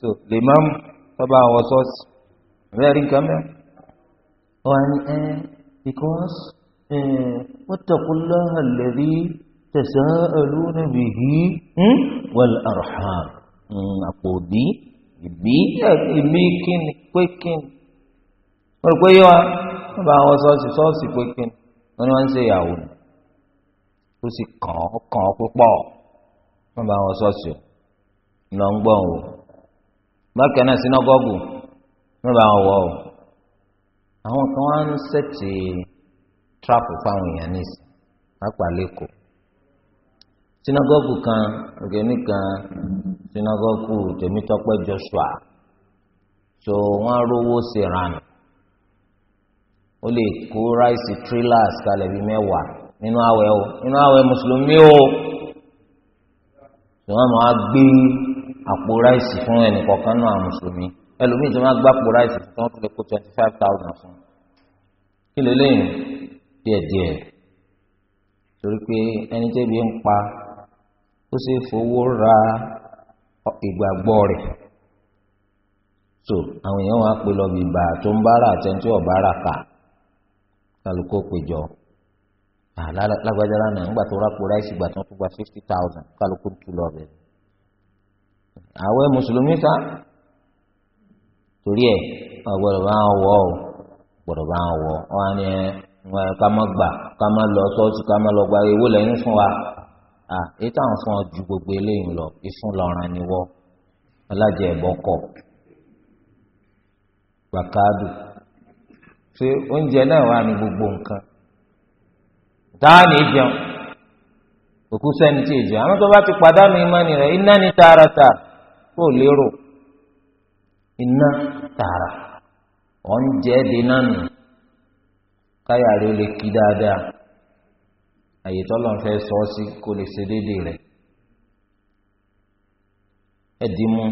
so lè má mú tọ́ba àwọn sọ́ọ̀sì bẹ́ẹ̀ nǹkan mẹ́rin. wọ́n á ní ẹ́ eh, because eh, wattaqullaha alladhi tasa'aluna bihi hmm, wal arham hmm, àpò òbí ìbí ìbí kíni pé kíni wọ́n rò pé yọ wa tọ́ba àwọn sọ́ọ̀sì sọ́ọ̀sì pé kíni wọ́n ní wọ́n ń ṣe ìyàwó ni ó sì kàn án kàn án púpọ̀ wọ́n bá sọ́ọ̀sì lọ ń gbọ́n o bákan náà sinagogu wọn bá wọn wọ o àwọn kan wá ń sẹ́tì tíráàpù fáwọn èèyàn nísì pápá lẹ́kọ̀ọ́ sinagogu kan òkè nìkan sinagogu Tèmítọ́pẹ́ Joshua tó wọ́n rówó sí ìranù ó lè kó ráìsì tírélàs kalẹ̀ bíi mẹ́wàá nínú àwẹ̀ o nínú àwẹ̀ mùsùlùmí o tí wọ́n máa gbé àpò ráìsì fún ẹnì kọ̀ọ̀kan náà mùsùlùmí ẹlòmíì tó máa gbá àpò ráìsì tó ń lè kó twenty five thousand fún kí ló lẹ́yìn díẹ̀díẹ̀ torí pé ẹni tẹ́bi ń pa ó sì fowó ra ìgbàgbọ́ rẹ̀ so àwọn èèyàn wá pè lọ bìbà tó ń bára àtẹnudí ọ̀bára kà kálukó péjọ lágbájá lánàá ńgbà tó rápò ráìsì gbà tó ń tún gba fifty thousand kálukó tún lọ bẹ̀rẹ̀. àwẹ̀ mùsùlùmí fa torí ẹ̀ gbọ́dọ̀ bá ń wọ̀ ọ bá wọ̀ ọ ní ẹ ká má gbà ká má lọ ká má lọ gba fún wa à fún ọ ju gbogbo eléyìí lọ ìfún ni gbàkádù oúnjẹ náà wà ní gbogbo nǹkan jẹun òkú tí ì jẹun àwọn tó bá ti pàdánù ìmọ̀ nìyẹn iná kó lérò iná tààrà wọn jẹ di nánu káyà rẹ lè kí dáadáa àyè tọ́lọ̀ ń fẹ́ sọ ọ́ sí kó lè ṣe déédéé rẹ̀ ẹ̀dìmú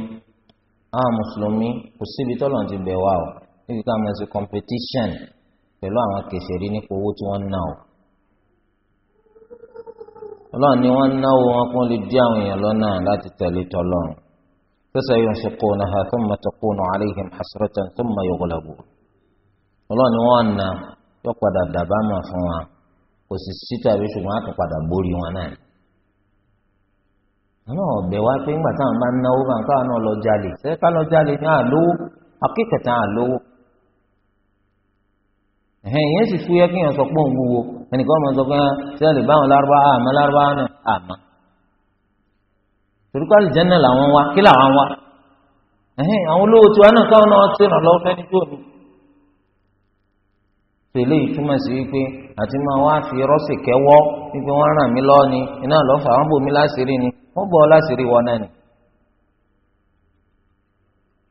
àwọn mùsùlùmí kò síbi tọ́lọ̀ ti bẹ̀ wá o níbi ká máa ṣe competition pẹ̀lú àwọn kèsèrí nípa owó tí wọ́n ń ná o ọlọ́run ni wọ́n ń náwó wọn kó lè dí àwọn èèyàn lọ́nà láti tẹ̀lé tọ́lọ́run فسينفقونها ثم تكون عليهم حسرة ثم يغلبون ọlọ́run ni wọ́n na yóò padà dàbá na fún wa kò sì sí tàbí ṣùgbọ́n á tún padà borí wọn náà àwọn ọ̀bẹ wa pé ńgbà táwọn bá náwó bá ń káwọn náà lọ jalè ṣẹ́ẹ́ ká lọ jalè ní àlówó akẹ́kẹ̀tà àlówó ẹ̀hìn yẹn sì fúyẹ́ kí yẹn sọ pé òun wúwo ẹnìkan ọmọ sọ pé ah, lè àmọ́ náà àmọ́ torí pé àlùjànnà làwọn wá kí làwọn wá ẹ̀hìn àwọn olówó tiwa náà káwọn náà ṣe ìrànlọ́wọ́ fẹ́ ní tóòní. tẹ̀lé ìtumọ̀ sí wípé àti máa wá fi rọ́ọ̀sì kẹwọ́ wípé wọ́n ràn mí lọ́wọ́ ni iná lọ́fà wọ́n bò mí láṣìírí ni wọ́n bọ̀ láṣìírí wọn ni.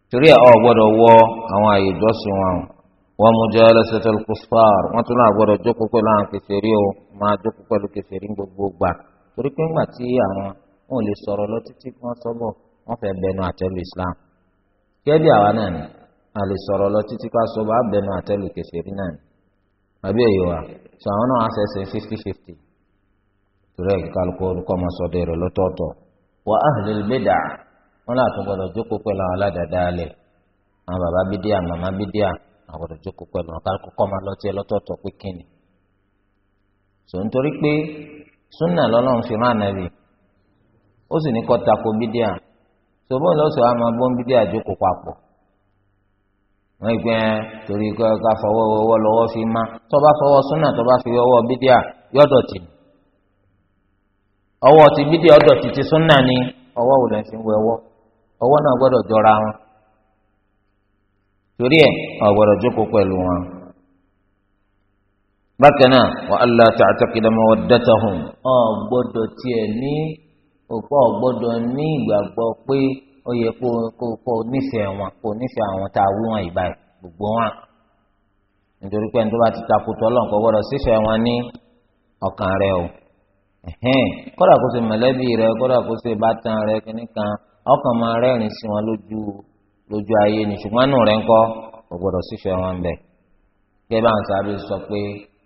torí ẹ̀ wọ àwọn àyè ìjọsìn wọn wa wọ́n tún náà gbọ́dọ̀ jókòó pẹ̀lú àwọn o máa jókòó pẹ̀lú gbogbo gbà torí pé ńgbà tí àwọn wọn ò lè sọ̀rọ̀ lọ títí kí wọ́n sọ́bọ̀ wọ́n fẹ́ bẹnu àtẹ́lu islam kẹ́bí àwa náà ni a lè sọ̀rọ̀ lọ títí ká sọ́bọ̀ á bẹnu àtẹ́lu kẹfẹ́rí náà ni àbí èyí wa sọ àwọn náà ṣẹ̀ṣẹ̀ fifty fifty torí ẹ̀ka kálukú orúkọ máa sọ dèrò lọ́tọ̀ọ̀tọ̀ wà á hìlẹ̀ lùbẹ́dà wọn láti gbọdọ̀ jókòó pẹ̀lú àwọn aládàádáalẹ̀ àwọn bàbá bídíà màmá bídíà àwọn gbọdọ̀ jókòó pẹ̀lú àwọn kálukú kọ́ máa lọ́tí ẹ lọ́tọ̀ọ̀tọ̀ pé kíni. sọ nítorí pé súnà lọ́lọ́run fi rán ànábì ó sì ní kọ́ tako bídíà sọ́bọ́n lọ́sọ̀ á máa bọ́ bídíà jókòó papọ̀ wọ́n gbẹ́ torí ká fọwọ́ wọ́wọ́ lọ́wọ́ fi má tọ́ba fọwọ́ súnà tọ́ba fi ọwọ́ bídíà yọ̀dọ̀ tì ọwọ́ ti bídíà ọ̀dọ̀ tì ti súnà ni ọwọ́ wò lẹ́sìn ọwọ́ náà gbọ́dọ̀ jọra wọn torí ẹ̀ jókòó pẹ̀lú wọn bákan náà òpó ọ̀gbọ́dọ̀ ní ìgbàgbọ́ pé ó yẹ kó kó kó nífẹ̀ẹ́ wọn kó nífẹ̀ẹ́ àwọn tá a wú wọn ìgbà gbogbo wọn nítorí pé nítorí àti takùtọ̀ ọlọ́run kò gbọ́dọ̀ sífẹ̀ẹ́ wọn ní ọkàn rẹ o kódà kó ṣe mọ̀lẹ́bí rẹ kódà kó ṣe ìbátan rẹ kìnnì ọkàn máa rẹ́rìn sí wọn lójú lójú ayé ni ṣùgbọ́n nù rẹ ńkọ́ kò gbọ́dọ̀ sífẹ̀ẹ́ wọn bẹ̀ kí ẹ bá ń sábẹ́ sọ pé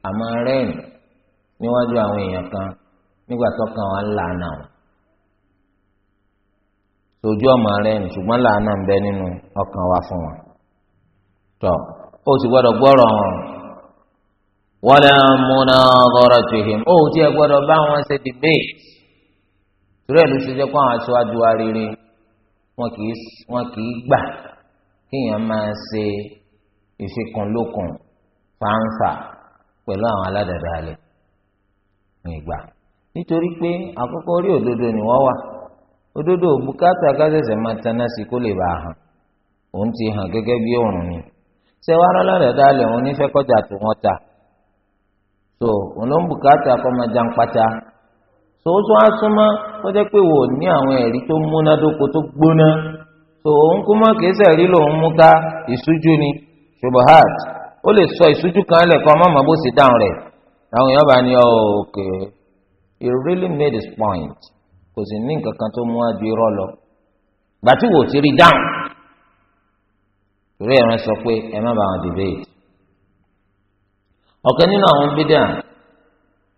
àmọ́ rẹ́rìn níwájú àwọn èèyàn kan nígbà tó kàn wọn lànà wọn sojú ọmọ rẹ ni ṣùgbọ́n làánà ń bẹ nínú ọkàn wa fún wọn. tọ́ ó sì gbọ́dọ̀ gbọ́rọ̀ wọn wala munadharatihim ó ti ẹ̀ gbọ́dọ̀ bá wọn ṣe debate torí ẹ̀ ló ṣe jẹ́ kó àwọn aṣáájú wa rere wọn kì í wọn kì í gbà kéèyàn máa ṣe ìfikùnlukùn fáńfà pẹ̀lú àwọn aládàáda alẹ̀ ní ìgbà nítorí pé àkọ́kọ́ orí òdodo ni wọ́n wà. òdodo bukata kásẹ̀sẹ̀ máa taná sí kó lè bàa hàn òun ti hàn gẹ́gẹ́ bí òrùn ni ṣé wàá rán lọ́rẹ̀ dálẹ̀ òun nífẹ̀ẹ́ kọjá tó wọ́n ta so òun ló ń bùkátà kọ́ máa jan so ó tún á súnmọ́ kó jẹ́ pé wò ní àwọn ẹ̀rí tó múnádóko tó gbóná so òun kú mọ́ kìí sẹ̀rí lòun mú ká ìṣújú ni ṣubahat ó lè sọ ìṣújú kan lẹ̀kọ́ mọ́mọ́ bó sì dáhùn àwọn èèyàn oh, kò sì ní nǹkan kan tó mú wá ju irọ́ lọ gbàtí wò ti rí dáhùn ìwé ẹ̀rọ sọ pé ẹ má bàa debate ọ̀kan nínú àwọn bídà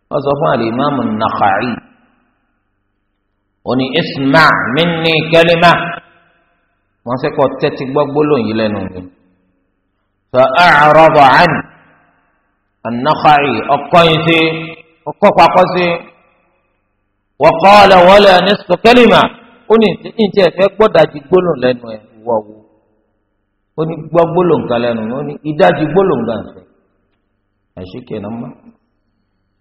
wọ́n sọ fún àlìmáàmù Nakhai òní isma minni kalima wọ́n sì tẹ́tí gbọ́gbó lóyìn lẹ́nu mi fa a'rada an an-Nakhai yìí sí ọkọ pakọ́ sí wọ́kọ́lá wọlé ní sọkẹ́lìmà ó ní ìtì ẹ̀fẹ́ gbọ́dájì gbólóhùn lẹ́nu ẹ̀ wọ̀wọ́ ó ní gbọ́ gbólóhùn kan lẹ́nu ó ní ìdájì gbólóhùn kan fẹ́ àṣìkè náà mọ́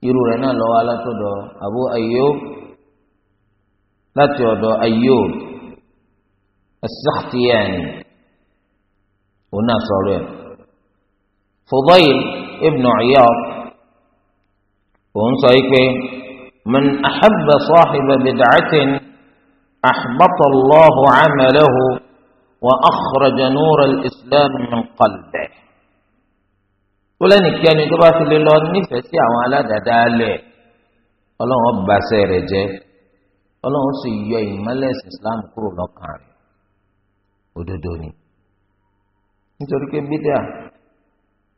irú rẹ̀ náà lọ́wọ́ alátọ́dọ̀ Abu Ayyub láti ọ̀dọ̀ Ayyub as-Sakhtiyani náà sọ̀rọ̀ ẹ̀ Fudayl ibn Iyad òun sọ yìí pé. من أحب صاحب بدعة أحبط الله عمله وأخرج نور الإسلام من قلبه fúlẹ́nì kẹ́ni tó bá fi lè lọ nífẹ̀ẹ́ sí àwọn aládàádáalẹ̀ ọlọ́run ba iṣẹ́ rẹ̀ jẹ́ ọlọ́run sì yọ ìmọ́lẹ̀ islam kúrò lọ́kàn rẹ̀ òdodo ni nítorí pé bídà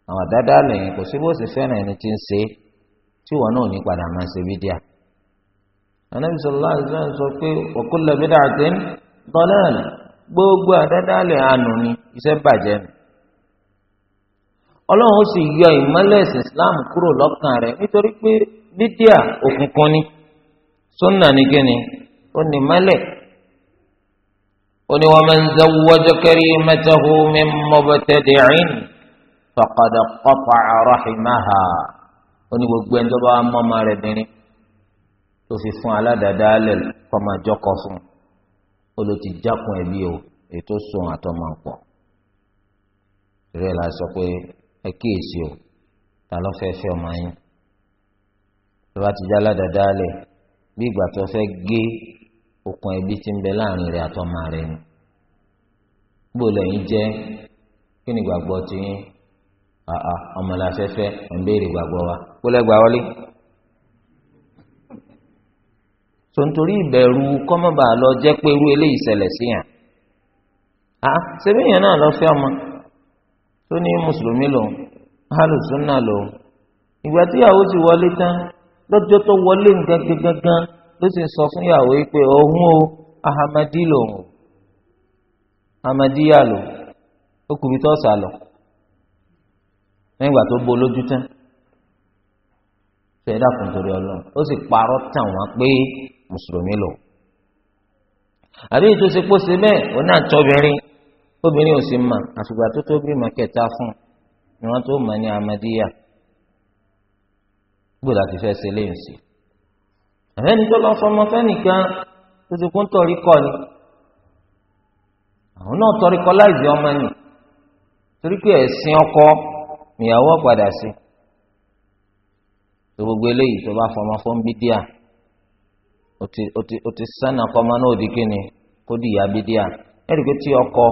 àwọn àdáadáalẹ̀ yẹn kò sí bó ṣe fẹ́ràn ẹni tí ń ṣe tí wọn náà ní padà máa ṣe bídà anabi sallallahu alaihi wasallam sọ pé wa kullu bid'atin dalalah gbogbo àdádálẹ̀ àánú ni iṣẹ́ bàjẹ́ ni ọlọ́run ó sì yọ ìmọ́lẹ̀ ẹ̀sìn islam kúrò lọ́kàn rẹ̀ nítorí pé bídíà òkùnkùn ni sunna ni kíni ó ní mọ́lẹ̀ ó ní wa man zawwaja karimatahu min mubtadi'in faqad qata'a rahimaha ó ní gbogbo ẹni tó bá wà mọ́ ọmọ rẹ̀ bìnrin tó fi fún aládàádáálẹ̀ kọ́má jọ́kọ fún olùtí jákun ẹ̀bí o ètò sùn àtọmọ pọ̀ ìrẹ́ la sọ pé ẹ kíyèsí o ta ló fẹ́ fẹ́ ọmọ yín tó bá ti já aládàádáálẹ̀ bí ìgbà tó fẹ́ gé okùn ẹbí tí ń bẹ láàrin rẹ̀ àtọmọ rẹ̀ ni gbọ́dọ̀ yín jẹ́ kí ni gbàgbọ́ ti ọmọ la fẹ́ fẹ́ ẹ̀ ń béèrè gbàgbọ́ wa kó lẹ́gbàá wọlé. sọ̀ntorí ìbẹ̀rù kọ́mọ́bà lọ jẹ́ pé irú eléyìí ṣẹlẹ̀ sí yàn á ah, ṣebí yẹn náà lọ fẹ́ ọmọ tó ní mùsùlùmí lòun alùsùnà lòun ìgbà tíyàwó ti wọlé tán lọ́jọ́ tó wọlé nǹkan ló sì sọ fún ìyàwó yìí pé òun o ahamadi o amadiya lò ó kùbi tó sà lọ nígbà tó bo lójú tán ṣẹ̀dá kùn torí ọlọ́run ó sì parọ́ tàn wọ́n mùsùlùmí lò àbí ìtòsí pò sí bẹ́ẹ̀ òun náà tọ́bìnrin obìnrin ò sì mà àfìgbà tó tó bí màkẹ́ta fún ni wọ́n tó mà ní amadíyà gbọ́dọ̀ àti fẹ́ ṣe léyìn sí àfẹ́ni tó lọ fọmọ fẹ́nìkan tó ti kún tọ̀rí kọ ni àwọn náà tọ̀rí kọ láìsí ọmọ ni torí pé ẹ̀sìn ọkọ ìyàwó padà sí tó gbogbo eléyìí tó bá fọmọ fún bídíà. Oti oti sánà kọ́mọ náà di kíni kó di ìyá bídíà ẹ̀rí pé tí ọkọ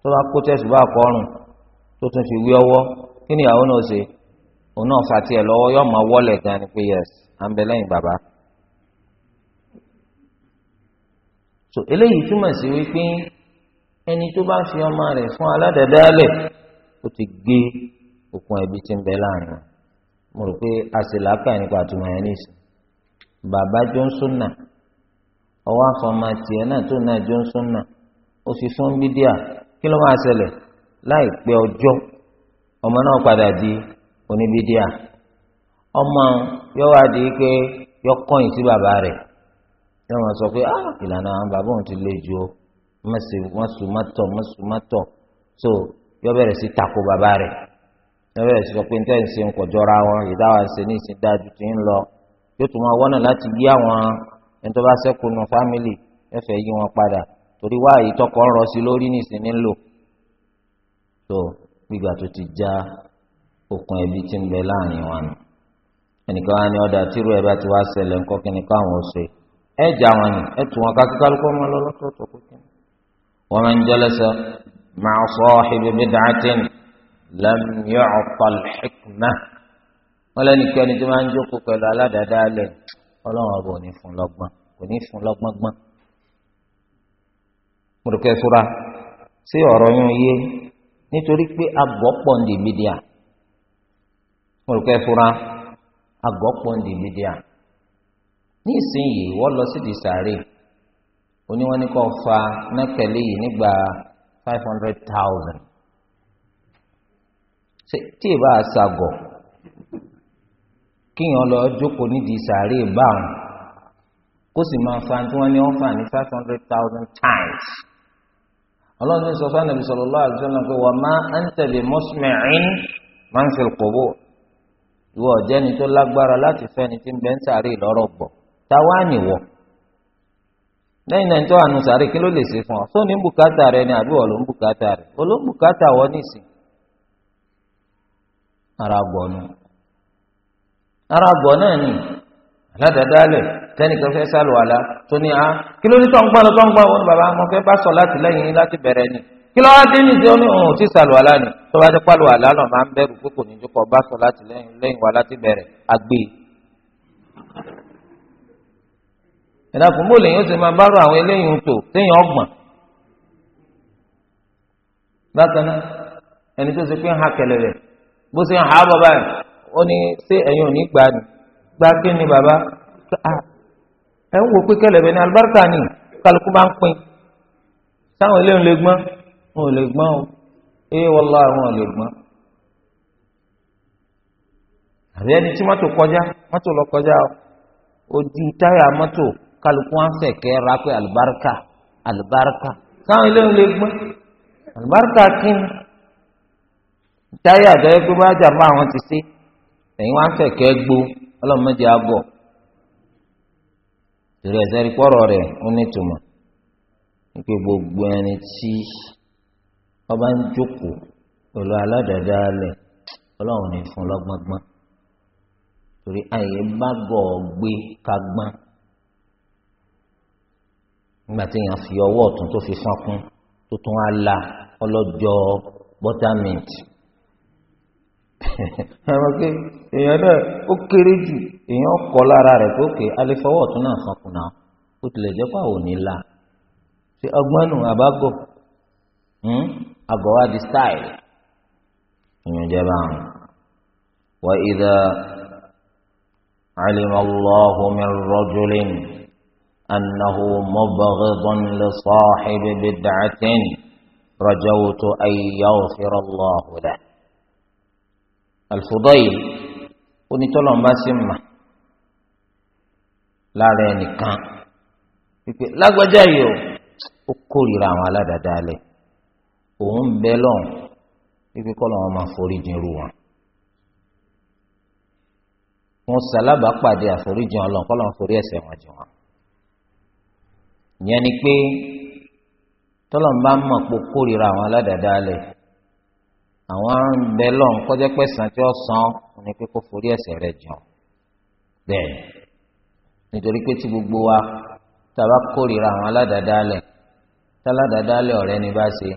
tó bá kó tẹ̀sù bá kọ tó tún fi wí ọwọ́ kí ni ìyàwó náà ṣe òun náà fàtí ẹ̀ lọ́wọ́ yóò máa wọlé gan ni pé yẹs à ń bẹ lẹ́yìn so eléyìí túmọ̀ sí wípé ẹni tó bá fi ọmọ rẹ̀ fún aládàádáálẹ̀ ó ti gbé òkun ẹbí tí ń bẹ láàrin mo rò pé àṣìlákà nípa àtúmọ̀ yẹn nìsín bàbá jọ́nsọ́nà ọwọ́ àfọmà tiẹ̀ náà tó náà jọ́nsọ́nà ó fi fún bídíà kí ló máa ṣẹlẹ̀ láìpẹ́ ọjọ́ ọmọ náà padà di oníbídíà ọmọ yóò wá di pé yọ kọ́yìn sí bàbá rẹ̀ yóò máa sọ pé ah ìlànà àwọn bàbá òun ti le jù ó mọ̀sùmọ́tọ̀ mọ̀sùmọ́tọ̀ so yóò bẹ̀rẹ̀ sí tako bàbá rẹ̀ yóò bẹ̀rẹ̀ sí sọ pé ní tẹ́yìn sí ń kọjọ́ra wọn ìdáwà ń ṣe ní ìsìn dájú ti ń lọ yóò tún máa wọ́nà láti yí àwọn ẹni tó bá ṣẹ́kù nù fámìlì ẹ̀fẹ̀ yí wọn padà torí wá àyè tọkọ ń rọ sí lórí nìsín nílò tó gbígbà tó ti já okùn ẹbí tí ń bẹ láàrin wa nù ẹnìkan wá ní ọ̀dà tírú ẹ bá ti wá ṣẹlẹ̀ ńkọ́ kí ni káwọn ó ṣe ẹ jà wọn ni ẹ tù wọn ká kí kálukọ́ máa lọ lọ́tọ̀ọ̀tọ̀ kó kí ni. wọ́n máa ń jẹ́lẹ́sẹ̀ máa sọ ọ́ ṣe bíbí dàá tẹ́ni lẹ́nu yóò wọn lẹ́nikẹ́ni tó máa ń jókòó pẹ̀lú aládàádáalẹ̀ ọlọ́run ọba ò ní fún lọ́gbọ́n kò ní fún lọ́gbọ́n gbọ́n. mùrùkẹ́ sura sí ọ̀rọ̀ yún yé nítorí pé agọ́ pọ̀ ń dìbí díà mùrùkẹ́ sura agọ́ pọ̀ ń dìbí díà ní ìsinyìí wọ́n lọ sí ìdìsàrè oníwọ́n ní kò fa nákẹ́lẹ́ yìí nígbà five hundred thousand tí ì bá a ṣàgọ̀ kíyàn lọ jókòó nídìí sàárè báwọn kó sì máa fa tí wọ́n ní wọ́n fà ní five hundred thousand times ọlọ́run ní sọ fún sallallahu alaihi wasallam pé wa ma anta bi musmi'in man fil qubur ìwọ ọ̀jẹ́ni tó lágbára láti fẹ́ni tí ń bẹ ń sàárè lọ́rọ̀ gbọ̀ ta wá nìwọ lẹ́yìn náà ń tọ́ àánú sàárè kí ló lè ṣe fún ọ tó ní bùkátà rẹ ni àbí wọ́n ló ń bùkátà rẹ olóńbùkátà wọ́n nìsín ara àgọ́ náà nì aládàádálẹ̀ tẹnìkan fẹ́ sálò àlá tó ní a ah, kí ló ní tó ń gbọ́n tó ń gbọ́n wọn bàbá mo fẹ́ bá sọ láti lẹ́yìn láti bẹ̀rẹ̀ ni kí ló wá dé ní ìṣe oní òun ò tí sálò àlá ni tó bá ti pálò àlá náà máa ń bẹ̀rù pé kò ní ju kọ́ bá sọ láti lẹ́yìn lẹ́yìn wa láti bẹ̀rẹ̀ àgbè. ìdàkùn e. bó lèyìn ó ti máa bárò àwọn eléyìí ń tò téèyàn ọgbọ̀n. bákan náà ẹni tó ti pé ń ha bó ṣe ń ha báyìí ó ní ṣé ẹ̀yin ò ní gbà ní gbà kí ni bàbá ah, ẹ̀ ń wò pé kẹlẹ̀bẹ̀ ni alibarika ni kálukú bá ń pín sáwọn eléyìí lè gbọ́n wọn ò lè gbọ́n o ee wọlá àwọn ò lè gbọ́n àbí ẹni tí mọ́tò kọjá mọ́tò lọ kọjá o ojú táyà mọ́tò kálukú wọn fẹ̀kẹ́ ra pé alibarika alibarika sáwọn eléyìí lè gbọ́n alibarika kí ni táyà dọ́yẹ́ pé bá jà fún àwọn ti ṣe ẹ̀yin wá ń fẹ̀kẹ́ gbó ọlọ́mọdé àgọ̀ torí ẹ̀sẹ̀ rí pọ́rọ̀ rẹ̀ ó ní ìtumọ̀ wípé gbogbo ẹni tí wọ́n bá ń jókòó pẹ̀lú aládàáda alẹ̀ ọlọ́run ní fún lọ́gbọ́ngbọ́n torí àyè bá gọ̀ gbé kagbọ́n nígbà tí èèyàn fi ọwọ́ ọ̀tún tó fi fọ́n kún tó tún á la ọlọ́jọ́ bọ́támẹ́ǹtì. àwọn pé èèyàn náà ó kéré jù èèyàn kọ lára rẹ̀ pé òkè alẹ́fọwọ́ ọ̀tún náà san kùnà ó tilẹ̀ jẹ́ pé àwọn ò ní la ṣe ọgbọ́n nù àbágọ̀ àgọ́ wa di style èèyàn jẹ́ báwọn. wà ìdá mi alimallahu min rajulin annahu mubghidun li sahibi bid'atin rajawtu an yaghfira Allahu lahu. Al-Fudayl onítọ́lọ́mbá sì mà lára ẹnìkan pípé lágbájá yìí o ó kórìíra àwọn aládàádáalẹ̀ òun ń bẹ lọ́n pípé kọ́lọ́ wọn máa forí jìn irú wọn wọn sàlábà pàdé àforíjìn Ọlọ́run kọ́lọ́run forí ẹ̀ṣẹ̀ wọn jìn wọn ìyẹn ni pé tọ́lọ́mbá mọ̀ pé ó kórìíra àwọn aládàádáalẹ̀ àwọn ń bẹ lọ́n kọjá pé sàn tí ó san ni pé kó forí ẹ̀ṣẹ̀ rẹ̀ jìn bẹ́ẹ̀ nítorí pé tí gbogbo wa tàbá kórìíra àwọn aládàádáálẹ̀ táládàádáálẹ̀ ọ̀rẹ́ ni bá ṣe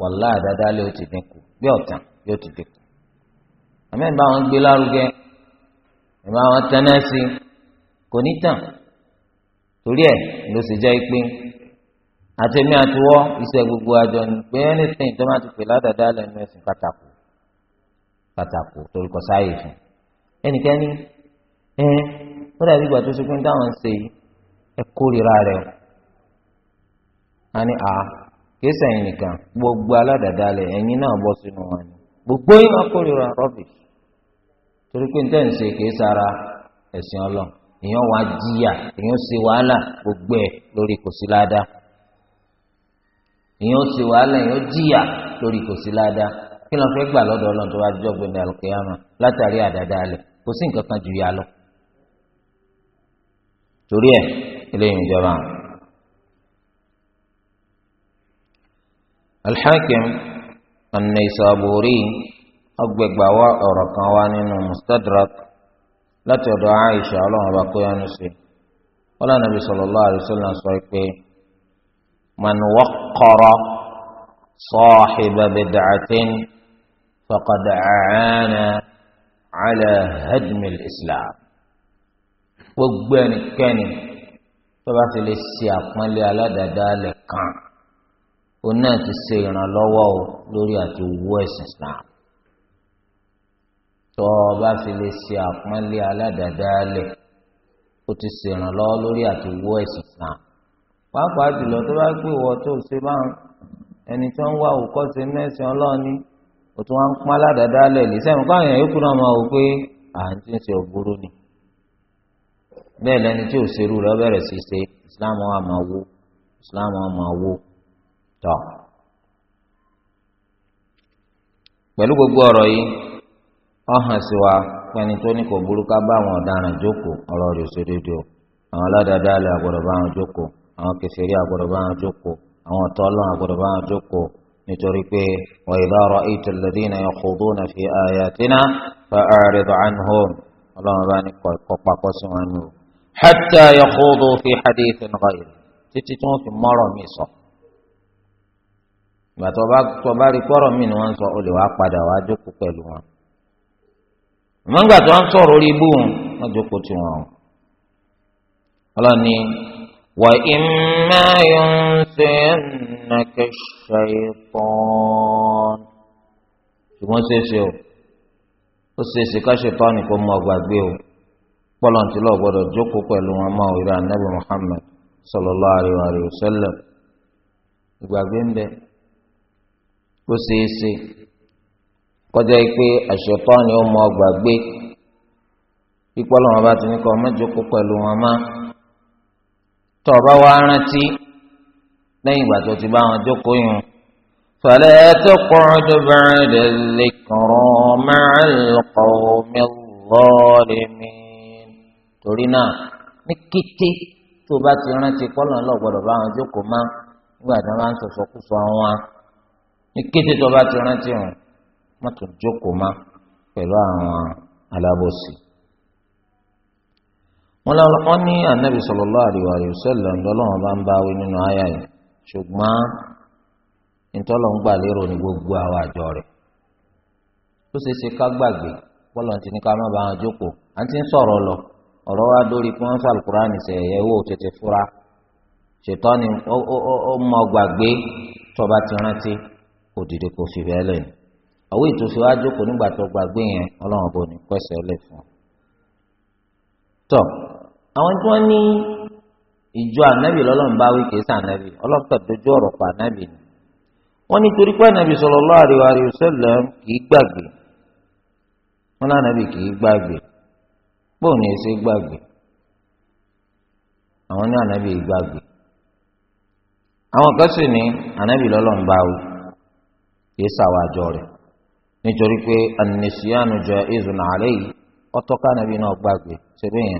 wàlá àdáadáálẹ̀ ó ti dínkù bí ọ̀tàn yóò ti dínkù àmì ẹ̀ bá wọn gbé lárugẹ ẹ̀ bá wọn tẹ́ná sí kò ní tàn torí ẹ̀ ló ṣe jẹ́ pé àtẹ̀mí àtiwọ́ iṣẹ́ gbogbo àjọ ni anything tó máa ti pè ládàáda lẹ́nu ẹ̀sìn pàtàkì pàtàkì torí kọ sáàyè fún ẹnikẹ́ni ẹ ó dàbí ìgbà tó ṣe pé táwọn ṣe ẹ kórìíra rẹ o a ní a kìí sẹ́yìn nìkan gbogbo aládàáda lẹ ẹ̀yin náà bọ́ sínú wọn ni gbogbo yín máa kórìíra rubbish torí pé níta ń ṣe kìí sara ẹ̀sìn ọlọ́run èèyàn wá jìyà èèyàn ṣe wàhálà gbogbo ẹ̀ lórí kò ìyẹn ó sì wàhálà ìyẹn ó jìyà lórí kò sí ládàá kí ló ń fẹ́ gbà lọ́dọ̀ ọlọ́run tó bá jọ gbẹ̀ndẹ̀ àlùkìyàmà látàrí àdáadáa lẹ̀ kò sí nǹkan kan jù yà lọ. torí ẹ eléyìí ìjọba alḥakim an-Naysaburi ọgbẹgbà wa ọ̀rọ̀ kan wá nínú mustadrak láti ọ̀dọ̀ Aisha ọlọ́run ọba kóyánú sí wọn lànà bí sallallahu sọ pé. من وقر صاحب بدعة فقد أعان على هدم الإسلام gbogbo ẹnikẹ́ni tó bá ti lè ṣe àpọ́nlé aládàádáalẹ̀ kan òun náà ti ṣe ìrànlọ́wọ́ o lórí àti wú ẹ̀sìn Islam tó o bá ti lè ṣe àpọ́nlé aládàádáalẹ̀ ó ti ṣe ìrànlọ́wọ́ lórí àti wú ẹ̀sìn Islam pàápàá jùlọ tó bá pè wọ tó ṣe ẹni tó ń wá òkọ́ṣe mẹ́sìn ọlọ́ọ̀ni ó tún wá ń pọ́n aládàáda lẹ̀ lẹ́sẹ̀mú káwọn èèyàn yókù náà máa wò pé à ń ti ń ṣe ògbóró ni bẹ́ẹ̀ lẹ́ni tí ò ṣerú rẹ̀ bẹ̀rẹ̀ sí ṣe islam wa máa islam wa máa pẹ̀lú gbogbo ọ̀rọ̀ yìí wọ́n sí wa tó ní kò burúkú bá àwọn ọ̀daràn jókòó ṣe déédéé àwọn kẹfìrí àgbọ̀dọ̀ bá wọn jókòó àwọn ọ̀tọ́ ọlọ́run àgbọ̀dọ̀ bá wọn jókòó nítorí pé wa idha ra'ayta alladhina yakhuduna fi ayatina fa'rid 'anhum ọlọ́run bá ní kọ́ papọ̀ sí wọn nù. hatta yakhudu fi hadithin ghayr títí tí wọ́n fi mọ́rọ̀ mi sọ. ìgbà tó bá rí pọ́rọ̀ mi ni wọ́n sọ olè wàá padà wàá jókòó pẹ̀lú wọn. ìmọ̀ngbà tó ń sọ̀rọ̀ orí ibú wọn jókòó tiwọn. ọlọ́ni وإما ينسينك الشيطان ṣùgbọ́n ṣeéṣe o ó ṣeéṣe ká ṣètọ́ni kó mọ ọgbàgbé o pọ́lọ́ǹtì lọ́ọ̀ gbọ́dọ̀ jókòó pẹ̀lú wọn mọ́ ìrẹ́ anábì Muhammad sallallahu alaihi wa sallam ìgbàgbé ń bẹ ó ṣeéṣe kọjá pé àṣetọ́ni ó mọ ọgbàgbé pípọ́lọ́wọ́n bá ti ní kọ́ mẹ́jọ́kó pẹ̀lú wọn máa tó o bá wá rántí lẹ́yìn ìgbà tó ti bá wọn jókòó yìí fala taq'ud ba'da dhikra ma'al qawmi dhalimin torí náà ní kété tó o bá ti rántí kọ́lọ̀ náà bá wọn jókòó má nígbà tí wọ́n bá ń sọ̀sọ̀kúsọ àwọn wa ní kété tó bá ti rántí wọn má tó jókòó má pẹ̀lú àwọn alábòsí wọ́n ní anabi sallallahu alaihi wasallam lọ́lọ́run bá ń báwí nínú àyà yìí ṣùgbọ́n ìtọ́lọ̀ ń gbà lérò ní gbogbo àwọn àjọ rẹ̀ ó ṣeé ṣe ká gbàgbé bọ́lọ̀ ti ní ká má bàa jókòó à ń ti ń sọ̀rọ̀ lọ ọ̀rọ̀ wa dórí pé wọ́n fàlùkùrá nìṣẹ̀ ẹ̀yẹ wò tètè fura ṣètọ́ ni ó mọ gbàgbé tọba ti rántí kò dìde kò fi bẹ́ẹ̀ lẹ́nu àwọn ìtòsí wa jókòó nígbà tó gbàgbé yẹn ọlọ́run bò ní pẹ́sẹ̀ lè fún un. àwọn tí wọ́n ní ìjọ ànábì lọ́lọ́run bá wí kìí sànábì ọlọ́pàá dojú pa ànábì ni wọ́n ní torí pé ànábì sallallahu alaihi wasallam kìí gbàgbé wọ́n lànàbì kìí gbàgbé pọ̀ ní ẹsẹ̀ gbàgbé àwọn ní ànábì gbàgbé àwọn kan sì ní ànábì lọ́lọ́run bá wí kìí sàwájọ rẹ̀ nítorí pé an náà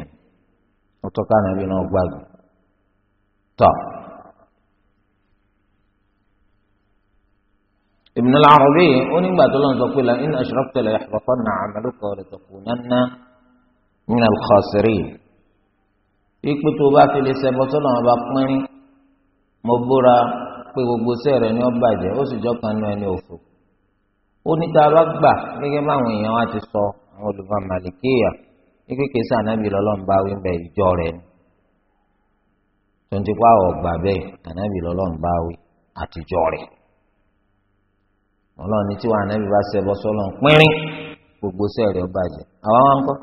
ọtọ́ka nàbí náà gbàgbé tọ́. Ibn al-Arabi ó nígbà tó lọ́n sọ pé la in ashrakta la yahbatanna 'amaluka wa la takunanna min al-khasirin. Ikú tó bá fi lè sẹ́bọ̀ tó lọ́n bá pín mo búra pé gbogbo sẹ́ẹ̀rẹ̀ ni ó bàjẹ́ ó sì jọ́ kan nú ẹni òfò. Ó ní tá a bá gbà gẹ́gẹ́ báwọn èèyàn wa ti sọ àwọn olùfà màlìkéyà ike kesa anabi lọlọrun bá wí bẹ ìjọ rẹ ni tontipa ọgbà bẹ́ẹ̀ anabi lọlọrun bá wí àtijọ rẹ Ọlọ́run ní tiwọn anabi bá ṣẹbọ sọlọ pínrín gbogbo sẹẹrẹ ọba jẹ wa ń kọ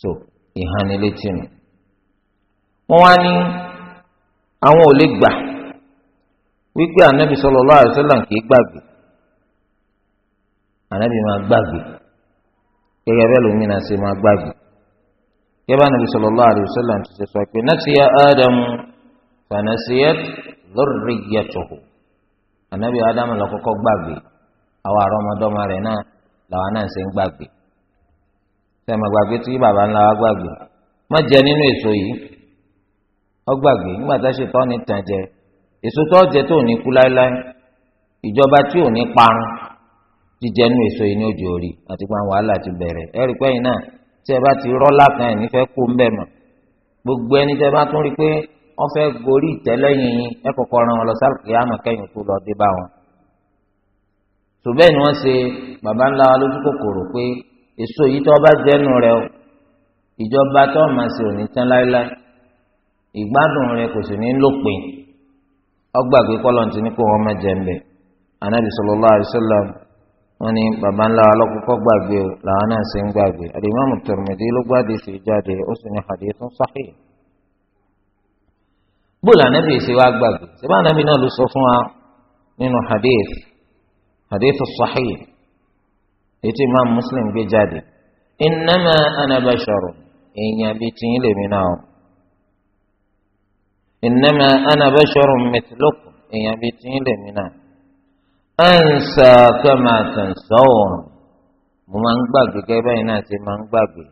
so ìhánilétí nu wọn wá ní àwọn ò lè gbà wípé anabi sallallahu alaihi wasallam kì í gbàgbé anabi máa gbàgbé gẹ́gẹ́ bẹ́ẹ̀ lómi náà ṣe máa gbàgbé gẹ́gẹ́ bá nàbí sallallahu alaihi wasallam ti ṣe sọ pé nasiya ádámù fanasiyat dhurriyyatuhu ànábì ádámù lọ́kọ́kọ́ gbàgbé àwọn àrọ́mọdọ́mọ rẹ̀ náà làwọn náà ṣe ń gbàgbé sẹ́mi gbàgbé tí bàbá ńlá wa gbàgbé má jẹ nínú èso yìí ó gbàgbé nígbà tá a ṣe tọ́ ni tàn jẹ èso tó jẹ tó ní kú láéláé ìjọba tí ò ní parun jíjẹ nínú èso yìí ní òjò orí àti pé àwọn wàhálà ti bẹ̀rẹ̀ ẹ rí pẹ́yìn náà tí ẹ bá ti rọ́lá kan ẹ̀ nífẹ̀ẹ́ kó ń bẹ̀ mọ̀ gbogbo ẹni tí ẹ bá tún rí pé wọ́n fẹ́ gorí ìtẹ́lẹ́yìn yín ẹ kọ́kọ́ ran wọn lọ sálùkì àmọ́ kẹ́yìn tó lọ dé bá wọn. tó bẹ́ẹ̀ ni wọ́n ṣe bàbá ńlá wa lójú kòkòrò pé èso yìí tó bá jẹ́nu rẹ o ìjọba tó máa ṣe òní tán láéláé ìgbádùn rẹ kò sì ní lópin ọgbàgbé kọ́lọ́ntì ní kó wọn má jẹ ń bẹ̀ anábì sallallahu wọ́n ní baba ńlá alọ́kùkọ́ gbàgbé o làwọn náà ṣe ń gbàgbé àdìmọ́mù Tirmidhi ló gbàdé sí jáde ó sì ní hadithun sahih. bóòlù ànábì ṣe wá gbàgbé ṣẹ́bà ànábì náà ló sọ fún wa nínú hadith hadithun sahih ètò ìmáàmù Muslim gbé jáde innama ana basharun èèyàn bíi tìyín lèmi náà innama ana basharun mithlukum èèyàn bíi tìyín lèmi náà. ẹnsa kama tansawun mo máa ń gbàgbé gẹ́gẹ́ báyìí náà ti máa ń gbàgbé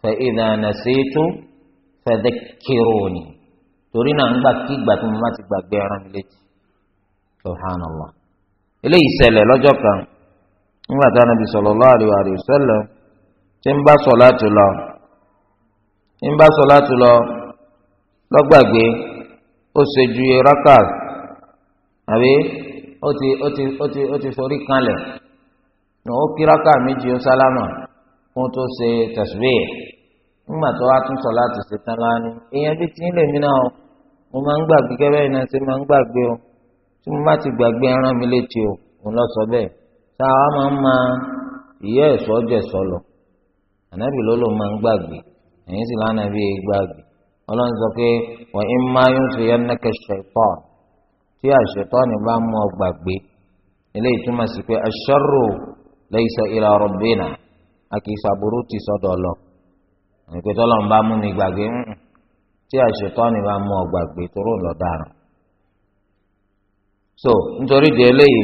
fa idha nasitu fadhakkiruni torí náà ń gbà kí ìgbà tí mo má ti gbàgbé ara mi létí subhanallah eléyìí ṣẹlẹ̀ lọ́jọ́ kan nígbà tí Ànábì sallallahu alaihi wa sallam tí ń bá sọ̀láàtù lọ ń bá sọ̀láàtù lọ lọ́gbàgbé ó ṣe ju rákà àbí. ó ti ó ti ó ti ó ti forí kanlẹ̀ ó kíráka méjì ó sálámà fún tó ṣe tasbih nígbà tó wá tún sọ láti ṣe tán lánàá èèyàn bíi tí ń lè mí náà mo máa ń gbàgbé gẹ́gẹ́ iná ṣe máa ń gbàgbé o tí mo bá ti gbàgbé ẹran mi létí o mo lọ sọ bẹ́ẹ̀ tá a máa ń ma ìyá ẹ̀sọ́ jẹ̀sọ́ lọ ànábì ló ló máa ń gbàgbé ẹ̀yìn sì lánàá bíi gbàgbé ọlọ́run sọ pé wa imma yunsiyannaka shaytan tí àṣetọ́ni bá mú ọ gbàgbé eléyìí túmọ̀ sí pé aṣọ́rò laysa ila rabbina a kì í sàbúrú ti sọ́dọ̀ lọ ìpè tọ́lọ̀ ń bá mú mi gbàgbé tí àṣetọ́ni bá mú ọ gbàgbé tóró lọ so nítorí di eléyìí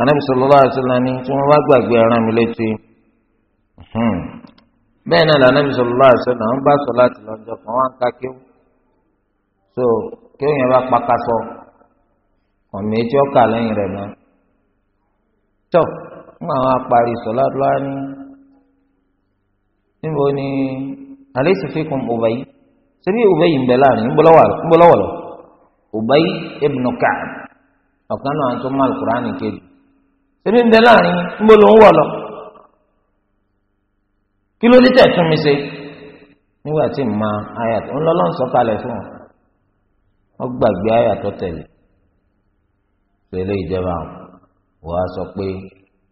anábì sallallahu alaihi wasallam ni tí wọ́n bá gbàgbé ara mi létí hmm. bẹ́ẹ̀ náà lànàbì sallallahu alaihi wasallam ń bá sọ láti lọ́jọ́ kan wá ń ká kéwù so kéwù yẹn bá pakasọ ọ̀nà etí ọkà lẹ́yìn rẹ̀ mọ́. tọ́ fún àwọn apari sọ̀lá lọ́wọ́ ní níbo ni àlẹ́sì fi kún Ubayy síbi Ubayy ń bẹ láàrin ńbọ́lọ́wọ́ lọ Ubayy ibn Ka'b ọ̀kan náà tó má alukur'ani kejì síbi ń bẹ láàrin ńbọ́lọ́wọ́ lọ kí ló dé tẹ̀ tún mi ṣe nígbà tí mo máa ayàtọ̀ ńlọ́lọ́ ń sọ̀kalẹ̀ fún ọ ọ ayàtọ̀ tẹ̀lé pẹ̀lú ìjọba wọ́n á sọ pé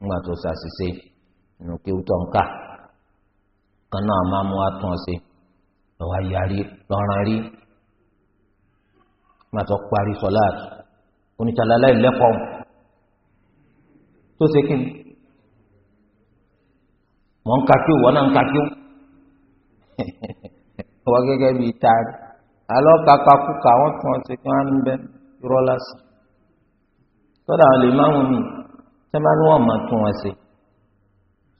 ńgbà tó ṣàṣìṣe nù kí ó tọ̀ ń kà kan náà máa mú wa tún ọ sí lọ́wọ́ yarí lọ́ràn rí ńgbà tó parí sọ́láàtì oníṣàlá láìlẹ́kọ̀ọ́ tó ṣe kí ni mọ̀ ń ka kí wọ́n náà ń ka kí (laughs) wọ́n gẹ́gẹ́ bíi taari alọ́ kakakú ká wọ́n tún ọ kí wọ́n á ń bẹ́ irọ́ lásán kódà àwọn lè má wọn mi tẹ́ bá ní wọ́n máa tún wọn ṣe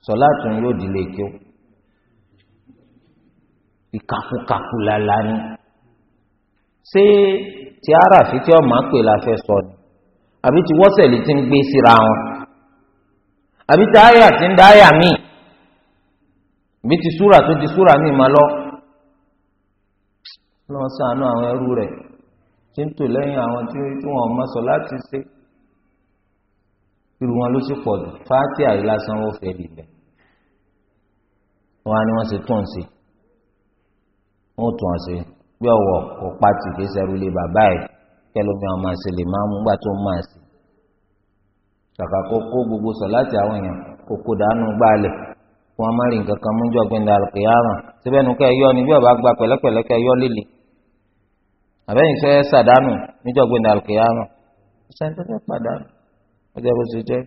sọ̀láàtún yóò dìlé kí ó ìkàkùkàkù làlá ni ṣé ti ara fi tí ọmọ pè la fẹ́ sọ ni àbí ti wọ́sẹ̀lì ti ń gbé síra wọn àbí ti àyà ti ń dá àyà míì àbí ti súrà tó di súrà míì máa lọ lọ́wọ́ sànú àwọn ẹrú rẹ̀ tí ń tò lẹ́yìn àwọn tí wọ́n mọ̀ sọ láti ṣe irú wọn ló sì pọ̀ jù fáátì àyè lásán ó fẹ́ bìbẹ̀ wọn ni wọ́n ṣe tún ṣe wọ́n tún ṣe bí ọ̀wọ̀ kò pàtì kí sẹ́rù lé bàbá ẹ̀ kẹlómi àwọn máa ṣe lè máa mú gbà tó máa ṣe kàkà kó kó gbogbo sọ láti àwọn èèyàn kó kó dànù gbálẹ̀ kó wọn má rí nǹkan kan mú jọ̀gbìn dàrú kìí àrùn síbẹ̀ nu kẹ́ yọ ni bí ọba gba pẹ̀lẹ́pẹ̀lẹ́ kẹ́ yọ líle àbẹ́yìn sọ ẹ́ sàdánù níjọ̀gbìn dàrú kìí àrùn ṣẹ́ńtẹ́fẹ́ pàdánù ọjọ́ bó ṣe jẹ́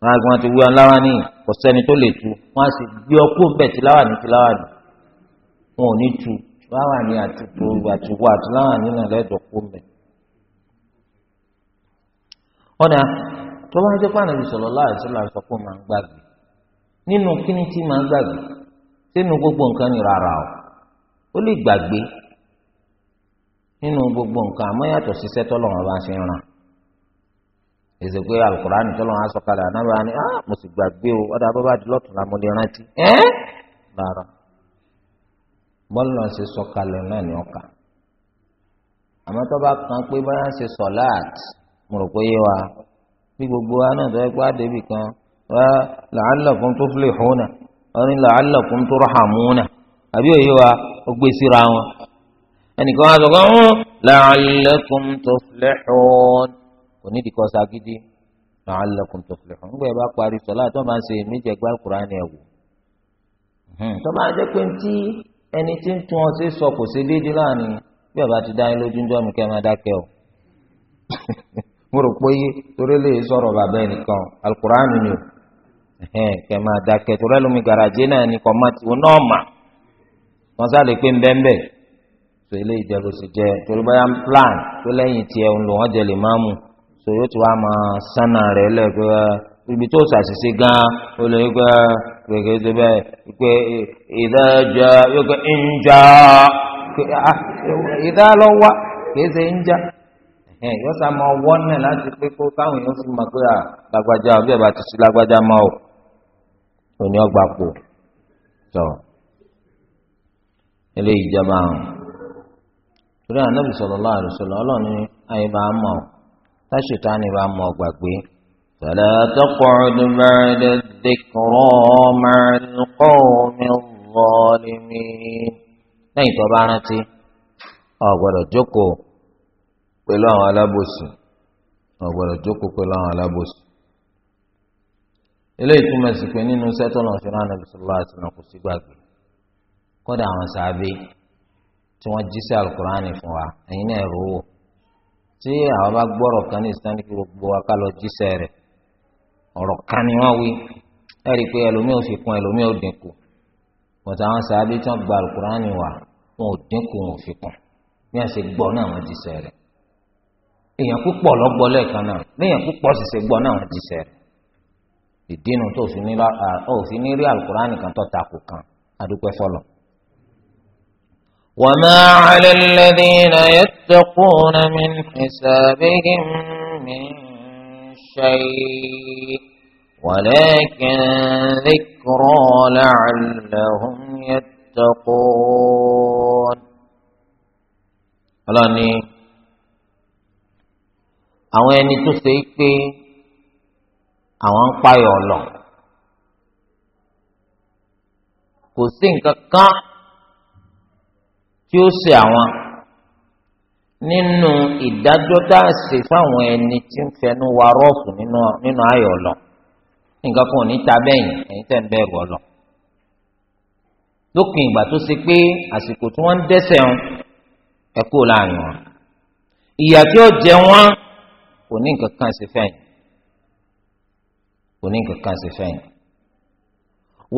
àwọn àgbọn ti wí aláwa ní kò sẹ́ni tó lè tu wọ́n á sì gbé ọkú bẹ̀ tìláwà ní tìláwà ní wọn ò ní tu tìláwà ní àtúntò àtúwò àtìláwà ní nàlẹ́ ìdọ̀kú bẹ̀. ọ̀nà tó bá jẹ́ pàánù ìṣòro láàṣẹ là ń sọ pé màá gbàgbé nínú kíní tí màá gbàgbé sínú gbogbo nǹkan ní rárá o ó lè gbàgbé nínú gbogbo nǹkan àmọ́ yàtọ̀ sí sẹ́tọ́ lọ́wọ́ bá ṣe ń ràn èsì pé alukurani tọ́lọ́ wọn asọ̀kalẹ̀ anábàá ni ah mo sì gbàgbé o ọ̀dà bàbá di lọ́tún la mo lè rántí ẹ́ rárá bọ́lá ṣe sọ̀kalẹ̀ náà ni ọkà àmọ́ tó bá kan pé báyà ṣe sọ̀láàt mo rò pé yé wa bí gbogbo wa náà tó yẹ àdébì kan wá la'allakum tuflihuna wọ́n ní la'allakum turhamuna àbí òye wa ó gbé síra wọn ẹnìkan wá sọ pé hmm, tuflihuna onídìíkọ́ sagídí la'allakum tuflihun nígbà yẹn bá parí sọlá tó máa ń ṣe méjì ẹgbẹ́ alukur'ani ẹ̀wò hmm. tó máa jẹ́ pé tí ẹni tí ń tún ọ sí sọ kò sí déédéé láàrin bí ọba ti dá yín lójú ń mi kẹ́ máa dákẹ́ o (laughs) mo rò pé torí lè sọ̀rọ̀ bàbá ẹnìkan alukur'ani ni o kẹ́ máa dákẹ́ torí ẹlòmí garaje náà ni kọ́ máa ti wọn náà mà wọ́n sá lè pé ń tó ilé ìjẹ́ ló sì jẹ́ torí báyà ń plan tó lẹ́yìn tiẹ̀ ń lò wọ́n so yóò ti wá máa sánà rẹ̀ lẹ́gbẹ́ ibi tó ṣàṣìṣe gan ó lè gbẹ gbẹgbẹ tó bẹ ìdájọ yóò gbẹ ńjà ah, ìdá lọ wá kìí ṣe yóò sá máa wọ́n náà láti pé kó fi pé à lágbájá bá ti ṣe lágbájá mọ́ ò òní ọgbà pò táṣetánì bá mọ gbàgbé. فلا تقعد بعد الذكرى مع القوم الظالمين lẹ́yìn tó bá rántí o gbọ́dọ̀ jókòó pẹ̀lú àwọn alábòsí o gbọ́dọ̀ jókòó pẹ̀lú àwọn alábòsí. eléyìí túmọ̀ sí pé nínú sẹ́tọ̀ náà ṣe rán Ànábì sallallahu alaihi wasallam kò sí gbàgbé kódà àwọn sàábé tí wọ́n jíṣẹ́ Al-Qur'ani fún wa ẹ̀yin náà rò ó tí àwọn bá gbọ́rọ̀ kan ní islamic gbogbo wa ká lọ jíṣẹ́ rẹ̀ ọ̀rọ̀ kan ni wọ́n wí ẹ rí i pé ẹlòmíì ò fi kún ẹlòmíì ò dínkù bọ̀tà àwọn sàábí tí wọ́n gba alukurani wà wọn ò dínkù wọn ò fi kún bí wọ́n ṣe gbọ́ náà wọ́n jíṣẹ́ rẹ̀ èèyàn púpọ̀ lọ́gbọ́ lẹ́ẹ̀kan náà léèyàn púpọ̀ sì ṣe gbọ́ náà wọ́n jíṣẹ́ rẹ̀ ìdínú tó òfin ní rí alukurani وما على الذين يتقون من حسابهم من شيء ولكن ذكرى لعلهم يتقون ọlọ́ni àwọn ẹni tó ṣe é pé àwọn ń payọ̀ lọ kò sí nǹkan kan tí ó ṣe àwọn nínú ìdájọ́ tá a ṣe fáwọn ẹni tí ń fẹnu wa rọ́ọ̀fù nínú ayọ̀ lọ nǹkan kan ò ní ta bẹ́yìn ẹ̀yin tẹ̀ ń bẹ̀rù ọ lọ. lópin ìgbà tó ṣe pé àsìkò tí wọ́n ń dẹ́ṣẹ̀ ń ẹ láàrin wọn ìyà tí ó jẹ wọn kò ní nǹkan kan ṣe fẹ́yìn kò ní nǹkan kan ṣe fẹ́yìn.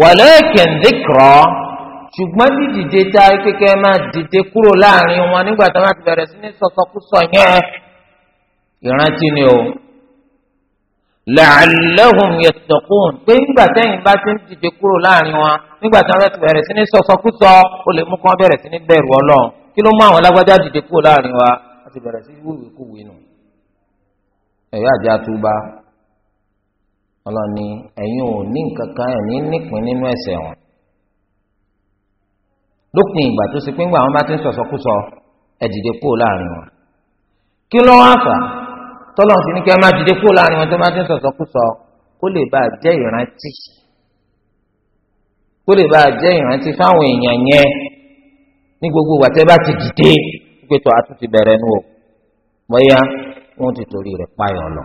walakin dhikra ṣùgbọ́n dídìde ta kékeré máa dìde kúrò láàrin wọn nígbà tí wọ́n ti bẹ̀rẹ̀ sí ní sọ̀sọ̀kúsọ yẹn ìrántí ni o la'allahum yattaqun pé nígbà tẹ́yìn bá ti ń dìde kúrò láàrin wọn nígbà tí wọ́n ti bẹ̀rẹ̀ sí ní sọ̀sọ̀kúsọ ó lè mú kí wọ́n bẹ̀rẹ̀ sí ní bẹ̀rù ọlọ́run kí ló mú àwọn alágbádá dìde kúrò láàrin wa wọ́n ti bẹ̀rẹ̀ sí wíwì kúwì nù ẹ̀yọ́ àjẹ́ àtúbá ọlọ́ni ní nǹkan lópin ìgbà tó ṣe pé ńgbà wọn bá ti ń sọ̀sọ́kúsọ ẹ dìde kúrò láàrin wọn kí ló wá fà tọ́lọ́ ti ní kí ẹ má dìde kúrò láàrin wọn tó bá ti ń sọ̀sọ́kúsọ kó lè bá jẹ́ ìrántí kó lè bá jẹ́ ìrántí fáwọn èèyàn yẹn ní gbogbo wàtẹ́ bá ti dìde pé tó a tún ti bẹ̀rẹ̀ nù o bóyá wọn ti torí rẹ̀ payọ̀ lọ.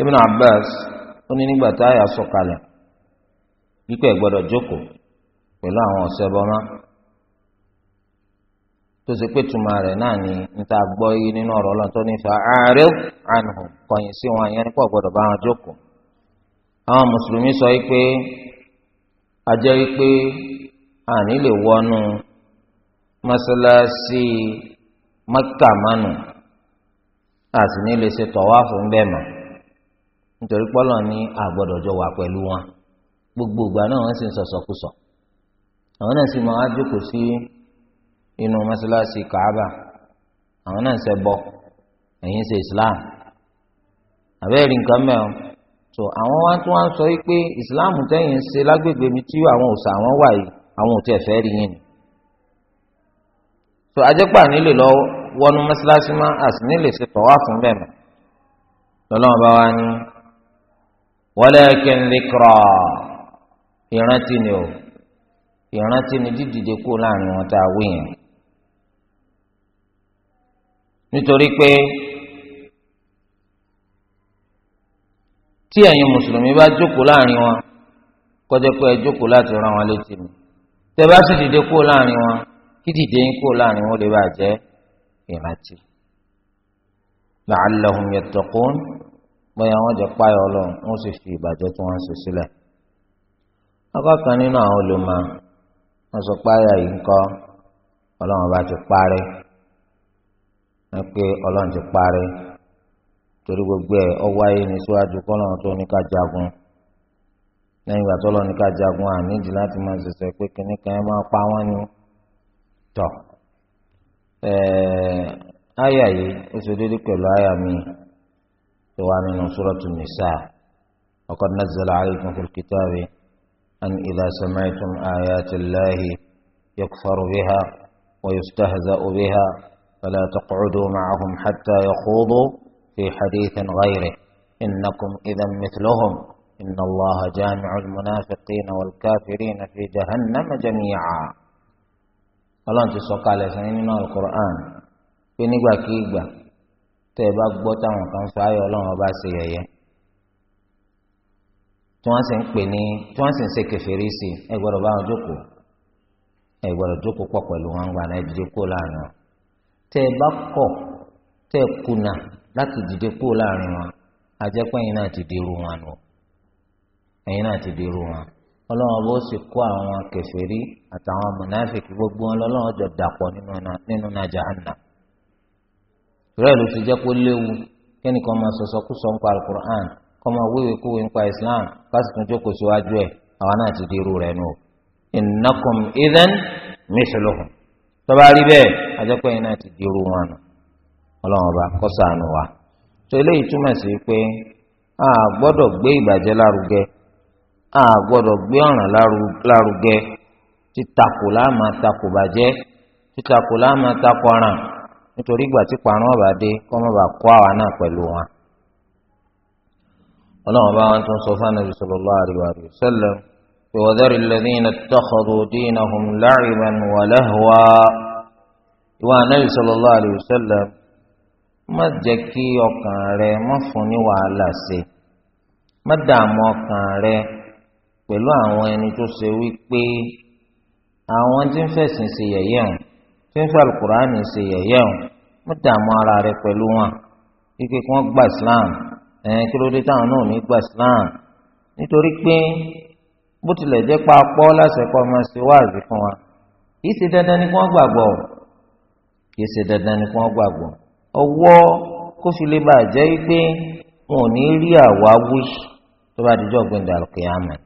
Ibn Abbas ó ní nígbà tá a yà sọ̀kalẹ̀ wípé ẹ̀ gbọ́dọ̀ jókòó pẹ̀lú àwọn ọ̀sẹ̀ bọ́mọ́ tó ṣe pé tuma rẹ̀ náà ni níta gbọ́ yí nínú ọ̀rọ̀ ọlọ́run tó ní fa ààrẹ ànàhùn kọ̀yìn sí wọn yẹn nípa gbọ́dọ̀ bá wọn jókòó àwọn mùsùlùmí sọ yìí pé ajẹ́ yìí pé àní lè wọnú mọ́sálásí mẹ́kà mánu àti ní lè ṣe tọ̀wá fún bẹ́ẹ̀ mọ́ nítorí pọ́lọ́ ní àgbọ̀dọ̀ wà pẹ̀lú wọn gbogbo ìgbà náà wọ́n sì ń sọ̀sọ̀kúsọ̀ àwọn náà sì máa wá jókòó sí inú mọ́ṣáláṣí Kaaba àwọn náà ń ṣe bọ ẹ̀yin ṣe Islam àbẹ́rẹ́ nǹkan mẹ́rin so àwọn wá tún wá ń sọ wípé Islam tẹ́yìn ń ṣe lágbègbè mi tí àwọn òòṣà àwọn wà yìí àwọn ò tẹ̀ rí yín ni so ajẹ́pà nílè lọ wọnú mọ́ṣáláṣí má àti nílè ṣe tọ́wá fún bẹ́ẹ̀ mọ́ lọ́lọ́run bá wá ní walakin dhikra ìrántí ni o ìrántí ni dídìde kú láàrin wọn tá a wí yẹn nítorí pé tí ẹ̀yin mùsùlùmí bá jókòó láàrin wọn kọjá pé ẹ jókòó láti rán wọn létí mi tẹ́ bá sì dìde kú láàrin wọn kí dìde yín kú láàrin wọn lè bá jẹ́ ìrántí la'allahum yattaqun bóyá wọn jẹ páyọ Ọlọ́run wọn sì fi ìbàjẹ́ tí wọn ń ṣe apá kan nínú àwọn olùmọ̀ wọ́n sọ páyà yìí ńkọ́ ọlọ́run bá ti parí wọ́n pé ọlọ́run ti parí torí gbogbo ẹ̀ ọ wáyé ní síwájú kọ́lọ́run tó ní ká jagun lẹ́yìn ìgbà tó lọ ní ká jagun àníjì láti máa ṣẹ̀ṣẹ̀ pé kíní kan ẹ máa pa wọ́n ni tọ̀ àyà yìí ó ṣe déédé pẹ̀lú àyà mi tó wà nínú Suratu Nisa wa qad nazzala alaykum fil أن إذا سمعتم آيات الله يكفر بها ويستهزأ بها فلا تقعدوا معهم حتى يخوضوا في حديث غيره إنكم إذا مثلهم إن الله جامع المنافقين والكافرين في جهنم جميعا ọlọ́run ti sọ kalẹ̀ sí nínú alukur'an pé nígbàkigbà tẹ́ ẹ bá gbọ́ táwọn kan fáyọ̀ ọlọ́run ọba ṣe yẹ̀yẹ́ tí wọ́n sì ń pè ní tí wọ́n sì ń ṣe kẹfìrí sí ẹ gbọ́dọ̀ bá wọn jókòó ẹ jókòó pẹ̀lú wọn gba náà dìde láàrin wọn tẹ́ ẹ bá kọ̀ láàrin wọn náà ti ti wọn bó sì kó àwọn kẹfìrí àtàwọn mọ̀náfíkì gbogbo wọn jọ dàpọ̀ nínú ti jẹ́ léwu kẹ́nìkan máa kọ́ máa wíwèé kúwe nípa islam kásìkò jókòó síwájú ẹ̀ àwa náà ti di irú rẹ̀ nù. innakum idhan mithluhum tọ́ba rí bẹ́ẹ̀ ajẹ́pẹ́ yìí náà ti di irú wọn nù ọlọ́run ọba kó ṣàánú wa. tó eléyìí túmọ̀ sí pé a gbọ́dọ̀ gbé ìbàjẹ́ lárugẹ a gbọ́dọ̀ gbé ọ̀ràn lárugẹ títakò láàmà takò bàjẹ́ títakò láàmà takò ọ̀ràn nítorí ìgbà tí parun ọba dé kọ́ bá kó àwa náà pẹ̀lú wọn ọlọ́run bá wọn tún sọ fún anabi sallallahu alaihi wa sallam ìwọ́dẹ́rì lẹ́dínà tọ́kọ̀dù dínà hùm láìban wàlẹ́hùwà ìwọ anabi sallallahu alaihi wa sallam má jẹ́ kí ọkàn rẹ má fún ní wàhálà sí má dààmú ọkàn rẹ pẹ̀lú àwọn ẹni tó ṣe wípé àwọn tí ń fẹ̀sìn ṣe yẹ̀yẹ́ hàn tí ń fẹ́ alukùránì ṣe yẹ̀yẹ́ hàn má dààmú ara rẹ pẹ̀lú wọn kíkẹ́ kí wọ́n gba islam ẹ̀ẹ́n kí ló dé táwọn náà ní gba Islam nítorí pé bó tilẹ̀ jẹ́ pa pọ́ lásìkò ọmọ ṣe wáàzì fún wa kì ṣe dandan ni kí wọ́n gbàgbọ́ kì í ṣe dandan ni kí wọ́n gbàgbọ́ ọwọ́ kó fi lè bàa jẹ́ pé wọn ò ní rí àwáwí tó bá dijọ́ gbẹ̀ndà kìámẹ́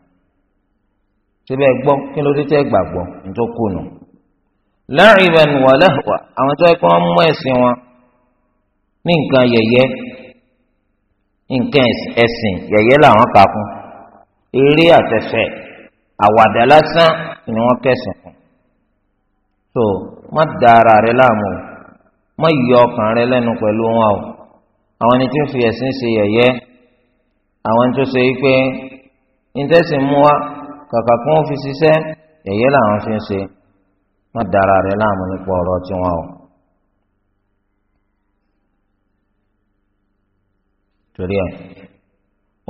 síbẹ̀ gbọ́ kí ló dé tẹ́ gbàgbọ́ nítorí kùnú la'iban wa lahwa àwọn tó yẹ kí wọ́n mú ẹ̀sìn wọn ní nǹkan yẹ̀yẹ́ nǹkan ẹ̀sìn yẹ̀yẹ́ làwọn kà kún eré àtẹ̀fẹ̀ àwàdà lásán ni wọ́n kẹ̀sìn kún so má da ara rẹ láàmú má yọ ọkàn rẹ lẹ́nu pẹ̀lú wọn o àwọn ẹni tó fi ẹ̀sìn ṣe yẹ̀yẹ́ àwọn ẹni tó ṣe yí pé ìtẹ̀sìn mú wa kàkà kún fi ṣiṣẹ́ yẹ̀yẹ́ làwọn fi ń ṣe má da ara rẹ láàmú nípa ọ̀rọ̀ tiwọn o. torí ẹ̀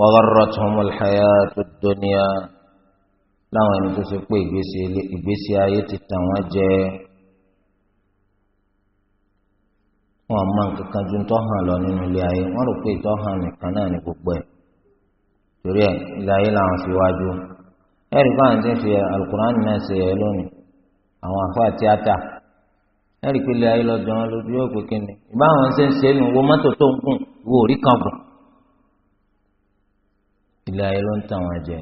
wa gharrathumul hayatud dunya láwọn ẹni tó ṣe pé ìgbésí ayé ti tàn wọ́n jẹ wọn mọ nǹkan kan ju tó hàn lọ nínú ilé ayé wọn rò pé tó hàn nìkan náà ní gbogbo ẹ̀ torí ẹ̀ ilé ayé làwọn fi wájú ẹ̀rí báwọn ti fi alukur'an náà ṣe ẹ̀ lónìí àwọn àfáà tíátà ẹ̀rí pé ilé ayé lọ́jọ́ wọn lójú yóò pé kíni ìbáwọn ṣe ń ṣe é nu wo mọ́tò tó ń gùn wo òrí kan gùn ilé ayé ló ń tàn wọn jẹ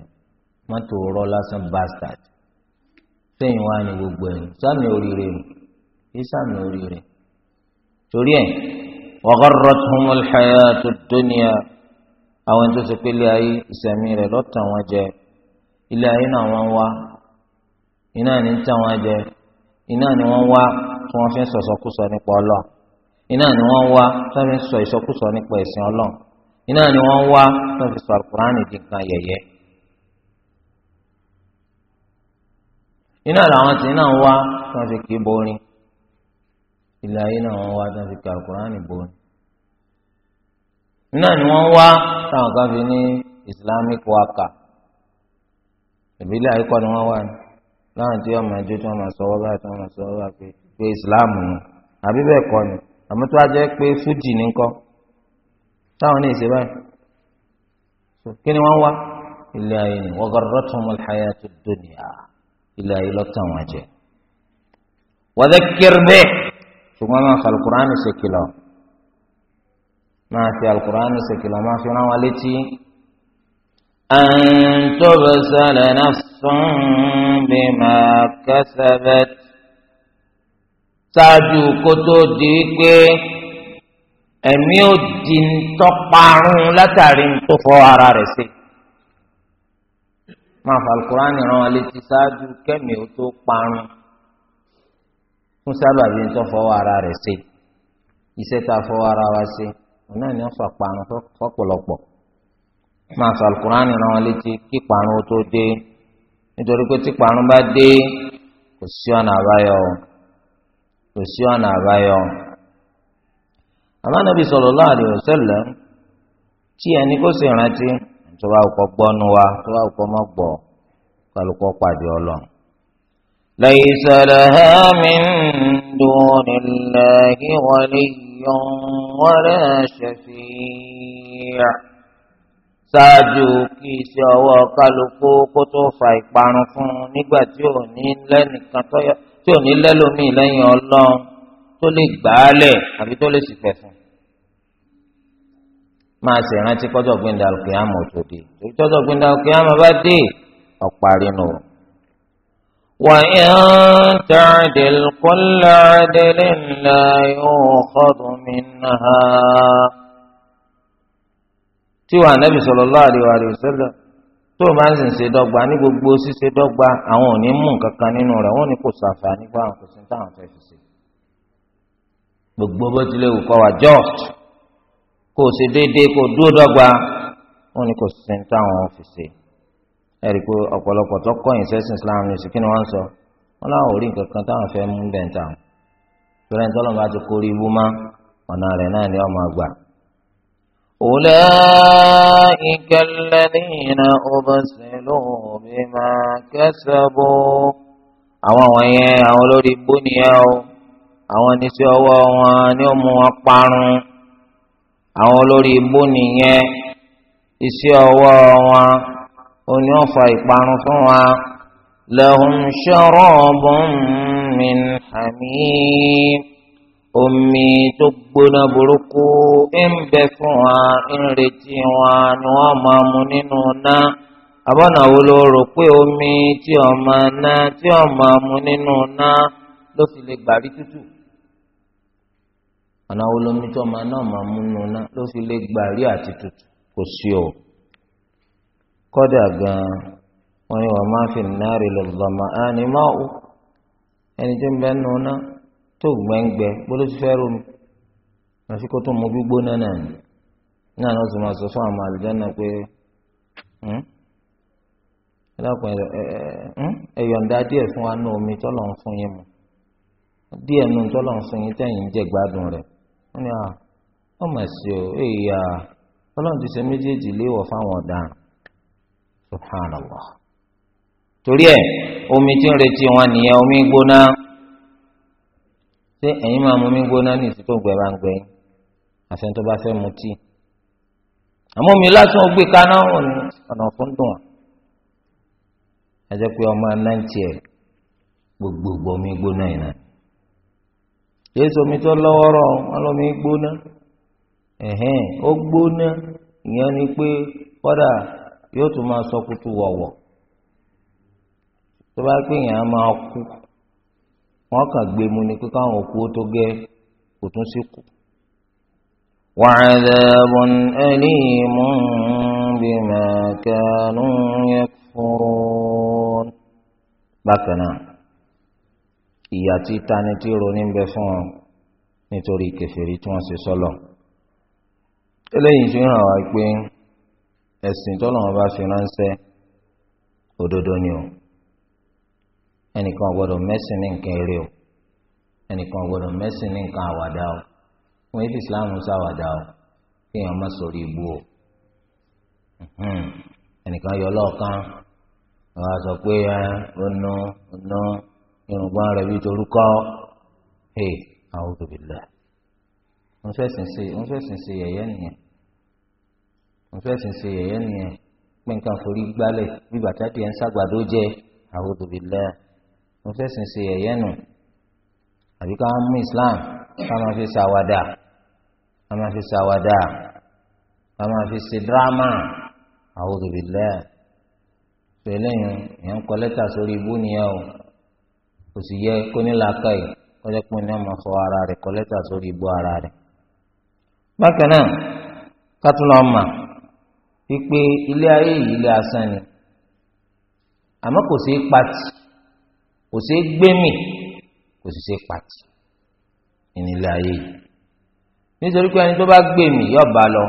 mọ́tò rọ́ lásán bastard sẹ́yìn wá ní gbogbo ẹ̀ sàmì oríire rẹ̀ kí sàmì oríire torí ẹ̀ wagharrathumul hayatud dunya àwọn tó ṣe pé ilé ayé ìsẹ̀mí rẹ̀ ló wọn jẹ ilé ayé náà wọ́n wá iná ní tàn wọn jẹ iná ni wọ́n wá tí wọ́n fi ń sọ̀sọ̀kúsọ nípa ọlọ́ọ̀ iná ni wọ́n wá tí wọ́n fi ń sọ ìsọkúsọ nípa ẹ̀sìn ọlọ́ọ̀ iná ni wọ́n wá tó fi sọ alukur'an di nǹkan yẹ̀yẹ́ iná làwọn tí iná wá tó fi kí borin ilé ayé náà wọ́n wá tó borin iná ni wọ́n wá táwọn kan fi ní islamic ni wọ́n wá ní láwọn tí wọ́n máa jó tí wọ́n máa sọ tí wọ́n máa sọ pé islam táwọn ní ìṣe báyìí kí ni wọ́n wá ilé ayé ni wa garrathumul hayatud dunya ilé ayé lọ́tàn wọn jẹ. wa dhakkir bih ṣùgbọ́n máa fi alukuraani ṣe kìlọ̀ máa fi alukuraani ṣe kìlọ̀ máa fi rán wa létí. an tubsala nafsun bima kasabat ṣáájú kótó di pé ẹ̀mí ò di tọ́parun látàrí tó fọ ara rẹ̀ sí. máa fa alukur'ani rán wa létí ṣáájú kẹ́mi ó tó parun fún sábàbí tó fọ ara rẹ̀ sí. iṣẹ́ tá a fọ ara wa sí òun náà ni wọ́n fà parun fọ́pọ̀lọpọ̀. máa fa alukur'ani rán wa létí kí parun ó tó dé nítorí pé tí parun bá dé kò sí ọ̀nà àbáyọ kò sí ọ̀nà àbáyọ àmọ́ nàbì sallallahu alaihi wasallam tí ẹni kó sì rántí tó bá kọ́ gbọ́nu wa tó bá kọ́ mọ́ gbọ́ kálukọ́ pàdé ọlọ́run. ليس لها من دون الله ولي ولا شفيع ṣáájú kí iṣẹ́ ọwọ́ kálukú kó tó fa ìparun fún un nígbà tí ò ní lẹ́nìkan tí ò ní lẹ́lòmíì lẹ́yìn ọlọ́run tó lè gbàálẹ̀ àbí tó lè sì fẹ̀sùn máa sì rántí kọjọ gbẹndà alùkìyàmù tó dé torí kọjọ gbẹndà alùkìyàmù bá dé ọparí nù. وإن تعدل كل عدل لا يؤخذ منها tiwa anabi sallallahu alaihi wa sallam tó máa ń sìn ṣe dọ́gba ní gbogbo ṣíṣe dọ́gba àwọn ò ní mú nǹkan kan nínú rẹ̀ wọ́n ní kò sàfà nípa àwọn kò sí táwọn fẹ́ẹ́ fi ṣe gbogbo bó tilẹ̀ wù kọ́ wa jọ́ọ̀tù kó o déédéé kó dúró dọ́gba wọn ni kò sí ní táwọn fi ṣe ẹ rí i pé ọ̀pọ̀lọpọ̀ tó kọ̀yìn sẹ́sìn Islam ní ìsìnkí ni sọ wọn láwọn ò nǹkan kan táwọn fẹ́ mú bẹ̀ ta wọn torí ẹni tọ́lọ́mù bá ti kórí ibú má ọ̀nà rẹ̀ náà ni ọmọ àgbà. أولئك الذين أبسلوا بما كسبوا àwọn wọ̀nyẹn àwọn olórí ibú nìyẹn o àwọn oníṣẹ́ ọwọ́ wọn ni ó mú wọn parun àwọn olórí ibú nìyẹn iṣẹ́ ọwọ́ wọn oní ọfà ìparun fún wa lahum sharabun min hamim omi tó gbóná burúkú ń bẹ fún wa ń retí wa ni wọ́n máa mu nínú náà àbọ̀nà wo ló rò pé omi tí ọmọ náà tí ọmọ mu nínú náà ló fi lè gbàrí tútù ọ̀nà wo lomi tí ọmọ náà máa mú nu ná ló fi lè gba àti tutù kò sí o kọ́dà gan-an wọ́n yẹ wọ́n máa fi náàrí lọ́gbọ̀mọ́ ẹni máa wò ẹni tí ń bẹ́ nu ná tó gbẹ́ngbẹ́ bólú ti fẹ́ romi àfi kó tó mọ gbígbóná náà ni náà ló sì máa sọ fún àwọn àlùjáná pé hmm? ẹ̀yọ̀ǹda hmm? díẹ̀ fún wa ní omi tọ́lọ̀ ń fún yín mu díẹ̀ nu tọ́lọ̀ ń fún yín tẹ̀yìn jẹ́ gbádùn rẹ̀ wọ́n ní à wọ́n mọ̀ sí o èyí à ọlọ́run ti ṣe méjèèjì léwọ̀ fáwọn ọ̀daràn subhanallah torí ẹ omi tí ń retí wọn nìyẹn omi gbóná ṣé ẹ̀yin máa mu omi gbóná ní ìsìnkú gbẹ bá ń gbẹ yín àfẹn tó bá fẹ́ mu tíì àmọ́ omi lásán ó gbé kaná ọ̀nà fún dùn wọn ẹ jẹ́ pé ọmọ náà ń tiẹ̀ gbogbogbò omi gbóná yìí náà. kìí somi tó lọ́wọ́rọ́ ọlọ́mi gbóná ẹ̀hẹ́n ó gbóná ìyẹn ni pé kọ́dà yóò tún máa sọ kutu wọ̀wọ̀ tó bá pè yẹn á máa kú wọn kàn gbé mu ni pé káwọn òkú tó kò tún sí kù. ìyà tí tani tí ronú ń bẹ fún wọn nítorí kèfèrí tí wọ́n ṣe sọ́lọ̀ eléyìí fi hàn wá pé ẹ̀sìn tọ́lọ́run bá fi ránṣẹ́ òdodo ni o ẹnìkan gbọ́dọ̀ mẹ́sìn ní nǹkan eré o ẹnìkan gbọ́dọ̀ mẹ́sìn ní nǹkan àwàdà o fún ibi ìsìláàmù ṣàwàdà o kéèyàn má sọ̀rọ̀ ìbú o ẹnìkan yọ lọ́ọ̀kan wọ́n á sọ pé ẹ ronú ronú irùngbọ́n rẹ̀ bíi torúkọ ẹ a'udhu billah wọ́n fẹ́sìn ṣe wọ́n fẹ́sìn ṣe yẹ̀yẹ́ nìyẹn wọ́n fẹ́sìn ṣe yẹ̀yẹ́ nìyẹn pé nǹkan forí gbálẹ̀ bí bàtà tiẹ̀ ń ṣàgbàdo jẹ a'udhu billah wọ́n fẹ́sìn ṣe yẹ̀yẹ́ nù àbí ká mú Islam ká máa fi ṣàwàdà ká máa fi ṣàwàdà ká máa fi ṣe dírámà a'udhu billah ṣẹlẹ́yìn ìyẹn ń kọ lẹ́tà sórí ibú nìyẹn o kò sì yẹ kó nílaka yìí kọjá pé ní ọmọ fọ ara rẹ̀ kọ lẹ́tà sórí ibú ara rẹ̀. bákan náà kátólọ́ mà wípé ilé ayé yìí ilé asán ni àmọ́ kò sí pati kò sí gbémì kò sì sí pati ìnílé ayé yìí nítorí pé ẹni tó bá gbèmí yóò bá lọ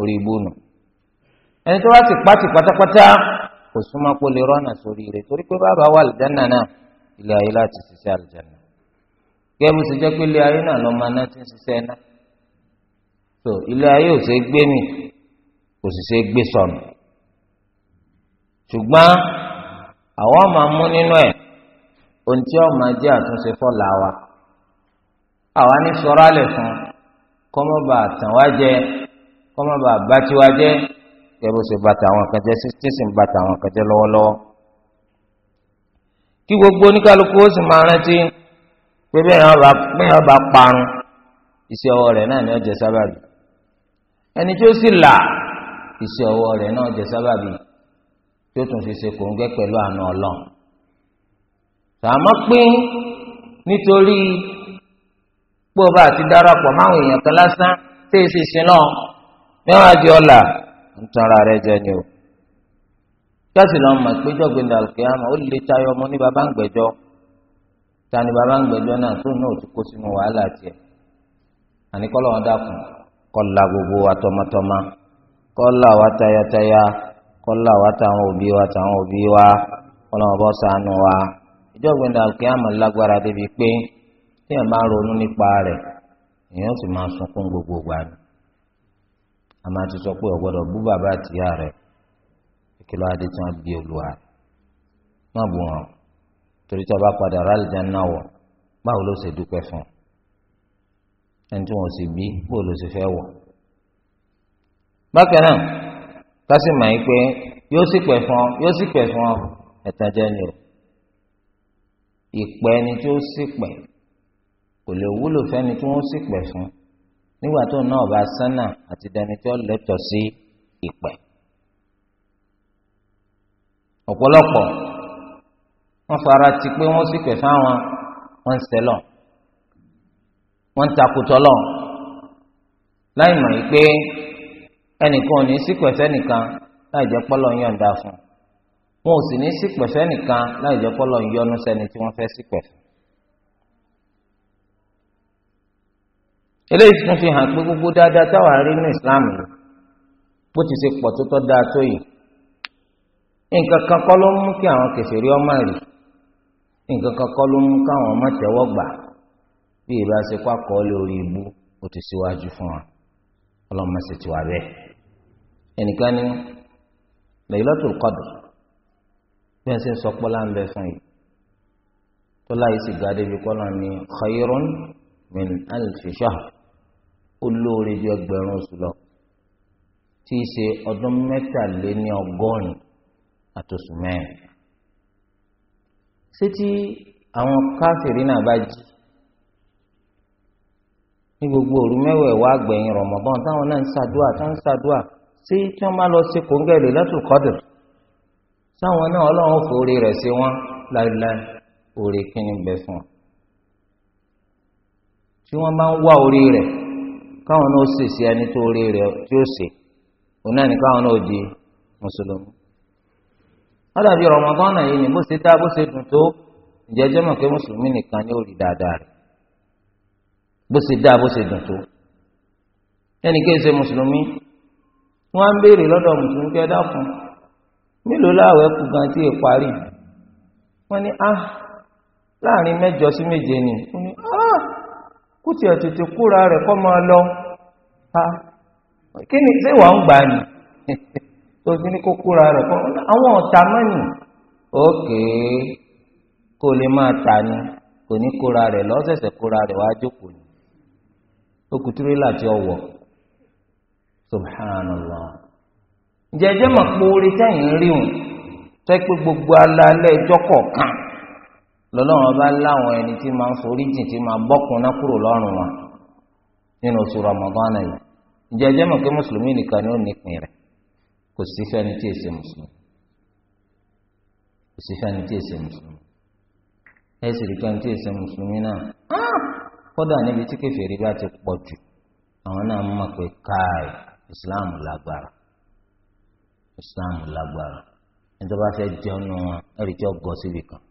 orí ibú nù ẹni tó bá ti pati pátápátá kò súnmọ́ kó lè rọ́nà sórí rẹ̀ torí pé bàbá wà lìjánà náà ilé ayé láti ṣiṣẹ́ àlùjánnà gẹ́gẹ́ bó ṣe jẹ́ pé ilé ayé náà lọ́mọ aná ti ń ṣiṣẹ́ iná tó ilé ayé ò ṣe é gbé mì kò sì ṣe é gbé sọnù ṣùgbọ́n àwọn máa mú nínú ẹ̀ ohun tí ó máa jẹ́ àtúnṣe fọ́lá wa àwa ní sọ́ra lẹ̀ fún kọ́mọ́bà àtàwájẹ kọ́mọ́bà àbátiwájẹ gẹ́gẹ́ bó ṣe bàtà àwọn kan jẹ́ sísìn bàtà àwọn kan lọ́wọ́lọ́wọ́ kí gbogbo oníkálukú ó sì máa rántí pé bẹ́ẹ̀ ọba parun iṣẹ́ ọwọ́ rẹ̀ náà ni ó jẹ sábàbí ẹni tí ó sì là iṣẹ́ ọwọ́ rẹ̀ náà jẹ sábàbí tí ó tún fi ṣe kòńgẹ́ pẹ̀lú àna ọlọ́run sàmọ́ pín nítorí pé ọba àti darapọ̀ máwọn èèyàn kan lásán tí èsì sin náà mẹ́wàá di ọ̀la ń tan ara rẹ̀ jẹ ni o kẹ́sì lọ́n mọ̀ pé jọ́gbìn alùkìyàmọ̀ ó lè tayọ ọmọ ní baba ń gbẹ́jọ́ ta ni baba ń gbẹ́jọ́ náà tó náà ti kó sínú wàhálà tiẹ̀ àní kọ́ lọ́wọ́ dàkùn kọ́ la gbogbo wa tọmọtọmọ kọ́ la wa tayataya kọ́ la wa tàwọn òbí wa tàwọn òbí wa kọ́ lọ́wọ́ bọ́ sànù wa ìjọ́gbìn alùkìyàmọ̀ lágbára débi pé tí ẹ̀ máa ronú nípa rẹ̀ èèyàn sì máa sunkún gbogbo gbà kí ló adé tí wọ́n bí olùwà má bù wọn torí tí wọ́n bá padà rálì jẹ́ náà wọ̀ báwo ló ṣe dúpẹ́ fún ẹni tí wọ́n sì bí bó ló ṣe fẹ́ wọ̀. bákan náà kásì mọ̀ yín pé yóò sì pẹ̀ fún ọ yóò sì pẹ̀ fún ọ ẹ̀tàn jẹ́ ni o ìpẹ́ ẹni tí ó sì pẹ̀ kò lè wúlò fẹ́ni tí wọ́n sì pẹ̀ fún nígbà tó náà bá sánà àti dẹni tí ó lẹ́tọ̀ọ́ sí ìpẹ́ ọ̀pọ̀lọpọ̀ wọ́n fara ti pé wọ́n sì pẹ̀ fáwọn wọ́n ń sẹ́lọ̀ wọ́n ń takùtọ̀ lọ láì mọ̀ yìí pé ẹnìkan ò ní sí pẹ̀sẹ́ nìkan láì jẹ́ pọ́lọ̀ ń yọ̀ǹda fún wọn ò sì ní sí pẹ̀sẹ́ nìkan láì jẹ́ pọ́lọ̀ ń yọnu sẹ́ni tí wọ́n fẹ́ sí pẹ̀sẹ́. eléyìí tún fi hàn pé gbogbo dáadáa táwa rí ní Islam yìí bó ti ṣe pọ̀ tó tọ́ dáa tó yìí nǹkan kan kọ́ ló mú kí àwọn kèfèrí ọmọ rì nǹkan kan kọ́ ló mú káwọn ọmọ tẹ́wọ́ gbà bí ìbá ṣe kó àkọọ́lẹ̀ orí ibú ó ti síwájú fún wa ọlọ́mọ sì ti wà bẹ́ẹ̀ ẹnìkan ní Laylatul Qadr bí wọ́n ṣe ń sọ pọ́lá ń bẹ fún yìí tọ́lá yìí sì ga débi kọ́lá ní khayrun min alfi shahr ó lóore oṣù lọ tí í ṣe ọdún mẹ́tàléní àtòsùn mẹ́rin ṣé tí àwọn káfìrí náà bá jí ní gbogbo òru mẹ́wẹ̀ẹ̀wá gbẹ̀yìn Ramadan táwọn náà ń ṣàdúà táwọn ń ṣàdúà ṣé tí wọ́n bá lọ sí kòńgẹ́ Lailatul Qadr táwọn náà ọlọ́run fòore rẹ̀ sí wọn láìláì oore kíni bẹ fún wọn tí wọ́n bá ń wá orí rẹ̀ káwọn náà ó sì sí ẹni tó orí rẹ̀ tí ó ṣe òun náà ní káwọn náà ó di mùsùlùmí wọ́n dàbí rọmọdọ́nà yìí ni bó ṣe dá bó ṣe dùn tó ìjẹ́jọ́ mọ̀ pé mùsùlùmí nìkan ni ó rí dáadáa rẹ̀ bó ṣe dá bó ṣe dùn tó ẹnì kí n ṣe mùsùlùmí wọ́n á ń béèrè lọ́dọ̀ mùsùlùmí kí ẹ dákun mélòó láwẹ̀ kù gan tí ì parí wọ́n ní ah láàrin mẹ́jọ sí méje ni wọ́n ní ah kó tiẹ̀ tètè kúra rẹ̀ kọ́ máa lọ ha kí ni ṣé wàá ń gbà ni (laughs) tó fi ní kó kúra rẹ̀ kọ́ àwọn ọ̀tá mọ́nì òkè kó lè máa tà ní kò ní kóra rẹ̀ lọ́sẹ̀sẹ̀ kóra rẹ̀ wá jókòó ní okù tírélà tí subhanallah jẹjẹ gbogbo ọba láwọn ẹni tí máa ń jìn tí máa náà kúrò nínú oṣù Ramadan yìí mùsùlùmí nìkan rẹ̀ kò sí fẹ́ni tí èsè mùsùlùmí kò sí fẹ́ni tí èsè mùsùlùmí ẹ sì rí fẹ́ni tí èsè mùsùlùmí náà ah! kódà níbi tí kèfèrí bá ti pọ̀ jù àwọn náà mọ̀ pé káì islam lágbára islam lágbára nítorí bá fẹ́ jẹun nu wọn ẹ̀rí tí ó gọ síbi kan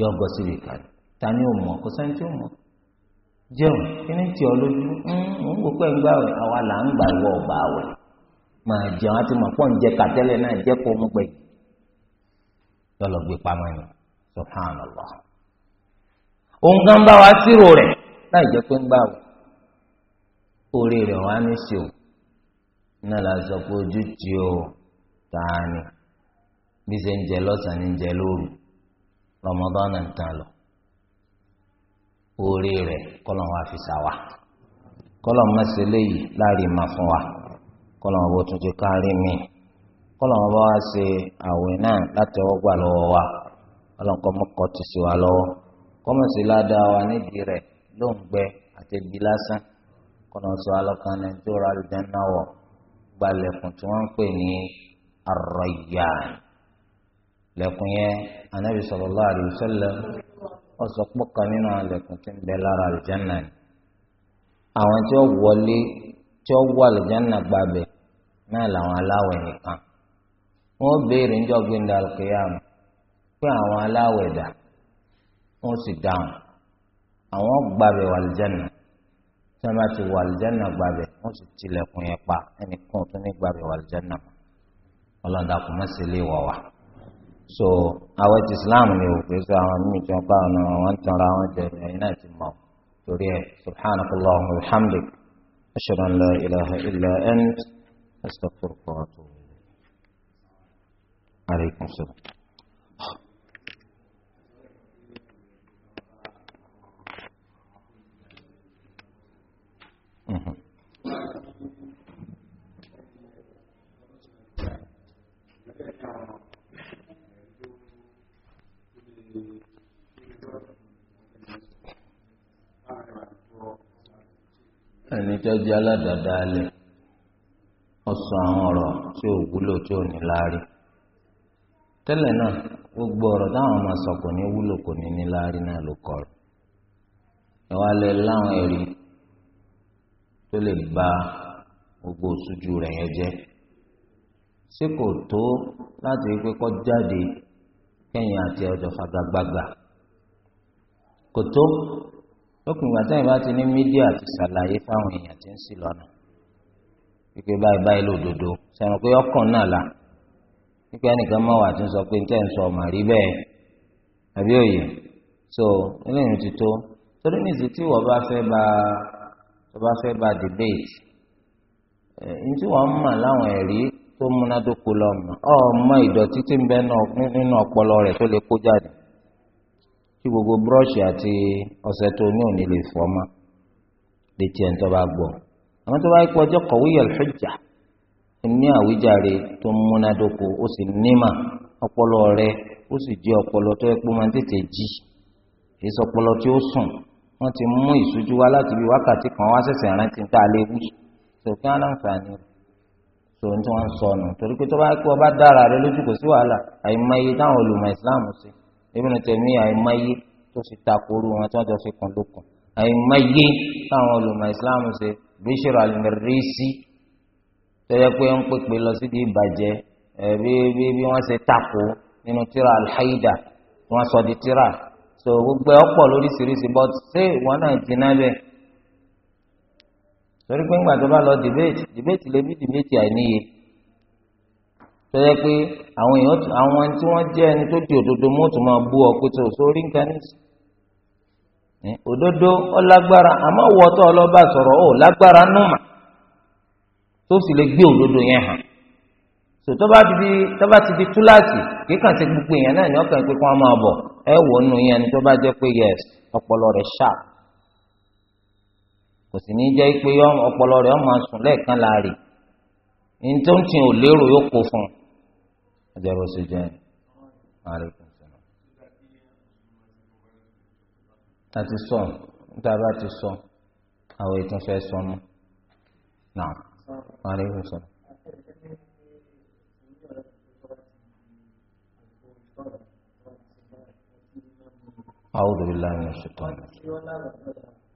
yóò gọ síbi kan ta ni ó mọ̀ kó sẹ́ni tí ó mọ̀ jẹun kí ni tí ọ lójú ń wò pé ń gbà wẹ̀ àwa là ń gbà wọ ọgbà wẹ̀ máa jẹun àti mọ̀ pọ̀ ń jẹ kàtẹ́lẹ̀ náà jẹ́ kó mú pé lọ́lọ́gbé pamọ́ ni subhanallah. òun kan bá wa sírò rẹ̀ láì jẹ́ pé ń gbà wò orí rẹ̀ wá ní sí o náà la sọ pé ojú tí o ta ni bí ṣe ń jẹ lọ́sàn-án ń jẹ lóru Ramadan náà ń tàn lọ orí rẹ̀ kọ́lọ́n wa fi sá wa kọ́lọ́n mọ́sẹ̀ léyìí láàrin máa fún wa. kọ́lọ́mọ bó tún ti kárí mi kọ́lọ́mọ bá wá ṣe àwẹ̀ náà láti ọwọ́ gbà lọ́wọ́ wa ọlọ́nkọ́ mọ́kọ́ ti ṣe wa lọ́wọ́ kọ́mọ̀sí ládàá wa nídìí rẹ̀ ló ń gbẹ àti ibi lásán sọ alọ́kan náà tó ra tí wọ́n ń pè ní yẹn anabi nínú tí ń bẹ lára ni àwọn tí wọlé tí wọ náà làwọn aláwẹ̀ nìkan wọ́n béèrè níjọ́ gbẹ̀ndà alùkìyàmù pé àwọn aláwẹ̀ dà wọ́n sì dáhùn àwọn gbàbẹ̀ wàlìjánà tí wọ́n bá ti wàlìjánà gbàbẹ̀ wọ́n sì tilẹ̀kùn yẹn pa ẹnìkan tó ní gbàbẹ̀ wàlìjánà ọlọ́dà kò má sí lè wà wá. so àwọn ti islam ni o pé sọ àwọn mímu tí wọ́n pa ọ̀nà wọn tán ra wọn jẹ ẹ̀yin náà ti mọ̀ torí ẹ̀ subhanahu wa rahmatulahi alhamdulilayi ashadu an la ilaha illa ant. استغفر الله عليكم السلام ẹni tó jẹ́ aládàáda alẹ́ wọ́n sọ àwọn ọ̀rọ̀ tí ò wúlò tí ò ní láárí tẹ́lẹ̀ náà gbogbo ọ̀rọ̀ táwọn máa sọ kò ní wúlò kò ní ní láárí náà ló kọ̀rọ̀ ẹ lẹ láwọn ẹ̀rí tó lè ba gbogbo òṣùjú rẹ̀ yẹn jẹ́ ṣé kò tó láti rí pé kọ́ jáde kẹ́yìn àti ọjọ́ fagagbága kò tó lókùn ìgbà táyìn bá ti ní mídíà ti ṣàlàyé fáwọn èèyàn tí ń sì lọ́nà wípé báyìí báyìí lòdodo sẹ́nu pé ọkàn náà la wípé ẹnìkan máa wà tí ń sọ pé ń tẹ́ ń sọ ọmọ rí bẹ́ẹ̀ àbí òye so eléyìí ti tó torí nìsí tí wọ́n bá fẹ́ bá tó bá fẹ́ bá debate ẹ̀ ní tí wọ́n mọ̀ láwọn ẹ̀rí tó múnádóko lọ́mọ ọmọ ìdọ̀tí tí ń bẹ nínú ọpọlọ rẹ̀ tó lè kó jáde tí gbogbo búrọ́ọ̀ṣì àti ọ̀sẹ̀ tó ní òní lè fọ́ mọ́ létí ẹ̀ ń tọ́ bá gbọ́ àwọn tó bá yẹ kó ọjọ́ kọ̀wé yẹ lọ́jà ní àwíjàre tó múnádóko ó sì nímà ọpọlọ rẹ ó sì jẹ ọpọlọ tó yẹ kó máa tètè jí èyí sọpọlọ tí ó sùn wọn ti mú ìṣújú wá láti bí wákàtí kan wá ṣẹ̀ṣẹ̀ rántí tá a lè wí sòfin aláǹfààní tó tí wọn sọ nù torí pé tó bá kó ọba dára rẹ lójú kò sí wàhálà àìmọye táwọn olùmọ̀ ìsìláàmù sí Ibn Taymiyyah àìmọye tó fi takoru wọn tí wọn jọ fi kàn lókun àìmọye táwọn olùmọ̀ ìsìláàmù sí Bishir al-Marrisi tẹ́lẹ̀ pé ń pèpè lọ sí di ìbàjẹ́ bí bí bí wọ́n ṣe tako nínú tíra al-Haida wọ́n sọ di tíra so gbogbo ẹ̀ ọ̀pọ̀ lóríṣiríṣi but ṣé ìwọ́n náà jiná bẹ́ẹ̀ torí pé ńgbà tó bá lọ debate debate lè bí debate àìníye tẹ́lẹ̀ pé àwọn èèyàn àwọn tí wọ́n jẹ́ ẹni tó di òdodo mọ́tò máa bú ọ pé tó sórí nǹkan níṣẹ́. òdodo ọlágbára àmọ́ wọ́tọ́ ọlọ́ba sọ̀rọ̀ ó lágbára númà tó sì lè gbé òdodo yẹn hàn tòtọ́ba ti di tọ́ba ti di túláàsì kíkàn ti gbogbo èèyàn náà ní ọkàn pé kí wọ́n máa bọ̀ ẹ wò nù yẹn ni tó bá jẹ́ pé yẹs ọpọlọ rẹ̀ sharp kò sì ní jẹ́ pé ọpọlọ rẹ̀ máa sùn lẹ́ẹ̀kan láàrin ní tó ń tì ò lérò yóò kó fún un. ọjọ́ ìrọ̀sẹ̀ jẹ́ ẹ̀ tá a ti sọ tá a bá ti sọ àwọn ètò fẹ́ sọ mọ́ náà wà á rí ìwòsàn. أعوذ بالله من الشيطان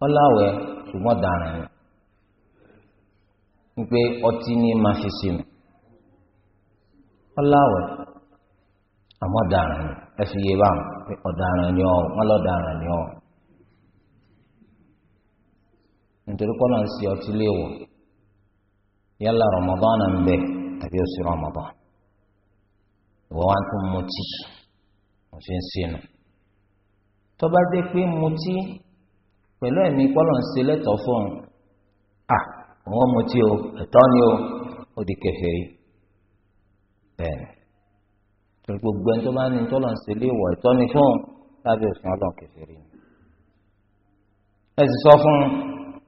ọláwẹ ṣùgbọ́n dàrin ni wípé ọtí ní máa fi sínú ọláwẹ àmọ́ dàrin ni ẹ fi yé báwọn pé ọ̀daràn ni ọ wọn ni ọ. nítorí kọ́ náà ń ṣe ọtí léèwọ̀ yálà rọmọdánà ń bẹ tàbí oṣù rọmọdán ìwọ wá tún mutí wọn fi ń sínú tó bá dé pé mutí pẹ̀lú ẹ̀mí kọ́lọ̀ ń ṣe lẹ́tọ̀ọ́ fún un à wọ́n mutí o ẹ̀tọ́ ni o ó di kèfèrí bẹ́ẹ̀ torí gbogbo ẹni tó bá ní tọ́lọ̀ ń ṣe léèwọ̀ ẹ̀tọ́ ni fún un lábẹ́ òfin ọlọ́ọ̀ kèfèrí ni ẹ sì sọ fún un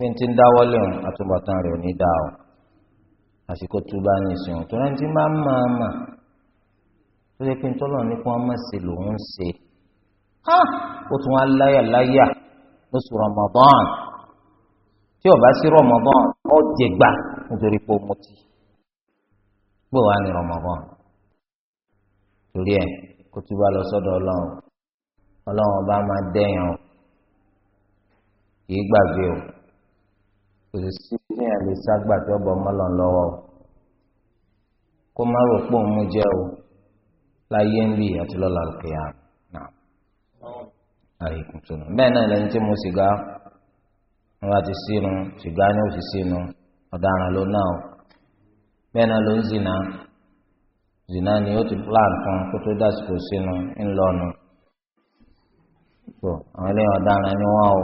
bí n ti ń dáwọ́ lẹ́hìn àtúbọ̀tán rẹ̀ ò ní dá o àsìkò tó bá ní ìsìn tó rẹ̀ ń ti máa ń máa mà tó yẹ pé ń tọ́lọ̀ ní kí wọ́n má ṣe lòun ṣe ó tún wá láyà láyà lóṣù Ramadan tí ó bá sí Ramadan ó jẹ gbà nítorí pé ó mutí pé wàá ní Ramadan torí ẹ kó tó lọ sọ́dọ̀ Ọlọ́run Ọlọ́run ọba máa dẹyàn o kì í gbàgbé o kò sí kéèyàn lè ságbà tó bọ mọlọ lọ́wọ́ o kó má rò pò ń mú jẹ o láyé ń bì àti lọ́la kìá náà àìkùn tó nù bẹ́ẹ̀ náà lẹ́yìn tí mo sìgá wọn bá ti sínú sìgá ni ó fi sínú ọ̀daràn ló náà o bẹ́ẹ̀ náà ló ń zina zina ni ó ti plan fún kó tó dásìkò sínú ńlọrọrùn so àwọn eléyàn ọ̀daràn ni wọ́n o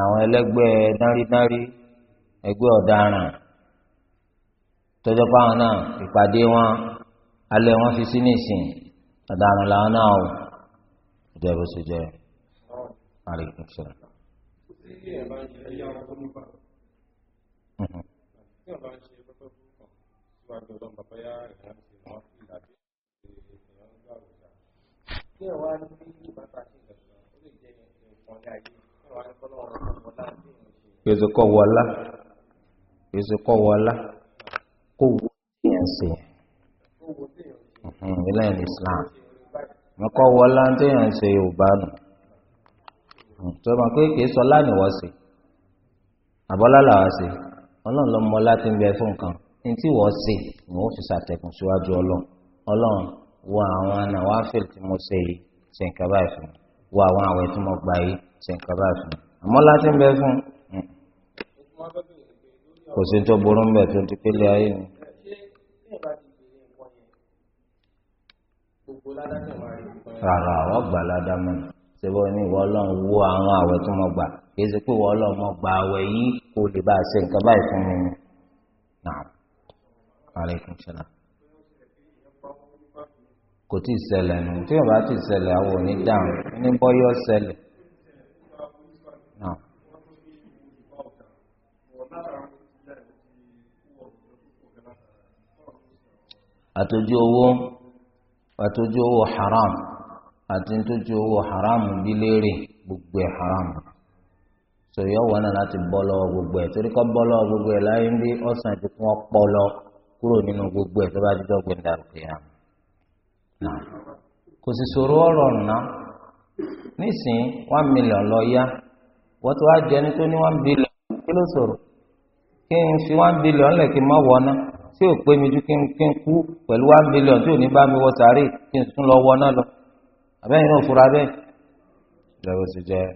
àwọn ẹlẹgbẹ́ dáridári ẹgbẹ́ ọ̀daràn tọjọ páwọn náà ìpàdé wọn alẹ́ wọn fi sí nìsín ọ̀daràn làwọn náà ò jẹ bó ṣe jẹ àríkùn sọ. Kí ẹ wá ní bàtà sí ìgbàgbọ́, ó lè jẹ́ ìpọ́nlé ayé yóò kọ́ wọlá yóò kọ́ wọlá kó wọ èèyàn sí ilé Islam wọn kọ́ wọlá téèyàn ṣe Yorùbá nù tó o mọ̀ pé kìí sọ lánìwọ̀ sí àbọ́lá làwọn sí ọlọ́run ló mọ láti ń bẹ fún nǹkan ní tí wọ́n sì ni wọ́n fi ṣàtẹ̀kùn síwájú ọlọ́run ọlọ́run wọ àwọn anáwáfíìl tí mo ṣe yìí ṣe nǹkan báyìí fún mi àwọn àwẹ̀ tí mo gbà yìí ṣe nǹkan bá fún àmọ́ láti ń bẹ fún mm. kò sí tó burú ń bẹ tó ti pélé ayé ni. rárá ọ gbà ládàmú ṣebọ ní ìwọ Ọlọ́run wo àwọn àwẹ̀ tó mọ gbà kì í ṣe pé ìwọ Ọlọ́run mọ gbà àwẹ̀ yìí kò lè bá a ṣe nǹkan báyìí fún mi. Naam. Alaikum salaam kò tí ì ṣẹlẹ̀ nù tí yóò bá ti ṣẹlẹ̀ àwọn ò ní dáhùn ní bọ́yọ̀ ṣẹlẹ̀ àtọ́jú owó owó haram àti ntọ́jú owó haram bí léèrè gbogbo haram sọyọ wọn náà láti bọ́ lọ́wọ́ gbogbo ẹ̀ torí kọ́ bọ́ lọ́wọ́ gbogbo ẹ̀ láyé ń bí ọ̀sán ti fún ọpọ́ lọ kúrò nínú gbogbo ẹ̀ tó bá ti dọ́gbìn yà kò sì nísìn one million lọ yá wọ́n wá jẹ́ one billion kí ló kí one billion lẹ̀ kí n má wọ̀ náà. tí ò pé mi ju kí n kí n kú pẹ̀lú one million tí ò ní bá mi wọ sàárè kí n tún lọ wọ náà lọ àbẹ́yìn náà fura bẹ́ẹ̀. ìjọba ti jẹ́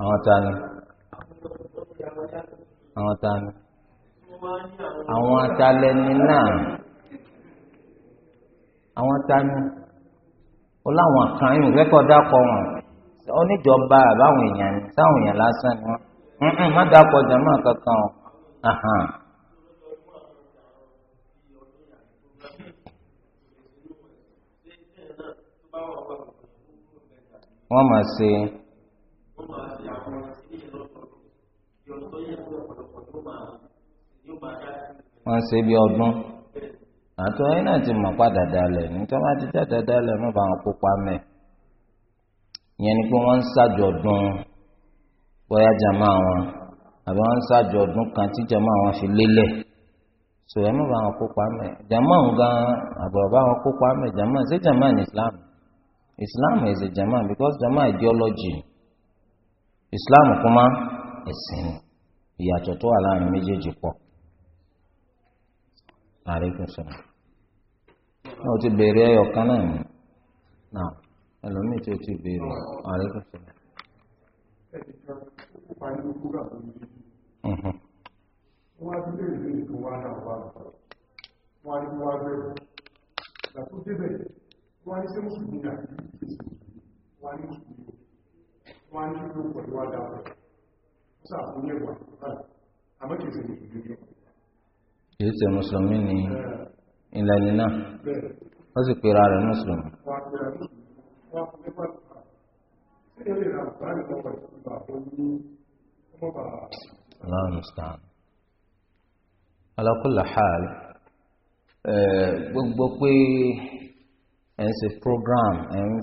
àwọn ta ni àwọn ta ni àwọn atalẹni náà àwọn tani ó láwọn kan yìí rẹ́kọ̀ dákọ̀ wọn oníjọba àbáwọn èèyàn ni sáwọn èèyàn lásán ni wọn má dákọ̀ jàmáà kankan o. wọ́n máa ṣe. wọ́n ṣe bí ọdún àti ẹ̀yin náà ti mọ̀ pa dàda lẹ̀ nítorí wọ́n ti já dàda lẹ̀ mọ́ bá wọn kópa mẹ́ ìyẹn ni pé wọ́n ń ṣàjọ̀dún bóyá jama wọn àbí wọ́n ń ṣàjọ̀dún kan tí jama wọn fi lélẹ̀ sọ ẹ mọ́ bá wọn kópa mẹ́ jama òun gan àbọ̀rọ̀ bá wọn kópa mẹ́ jama ṣé jama ni Islam Islam is a jama because jama ideology Islam kuma ẹ̀sìn ìyàtọ̀ tó wà láàrin méjèèjì pọ̀. عليكم السلام náà ti béèrè ẹyọ kan náà ni náà ẹlòmíì tí o ti béèrè ààrẹ tó ṣe kìí ṣe mùsùlùmí ni. ilẹ̀ ni náà ó sì rẹ̀ mùsùlùmí. gbogbo pé ẹ̀ ń ṣe program ẹ̀ ń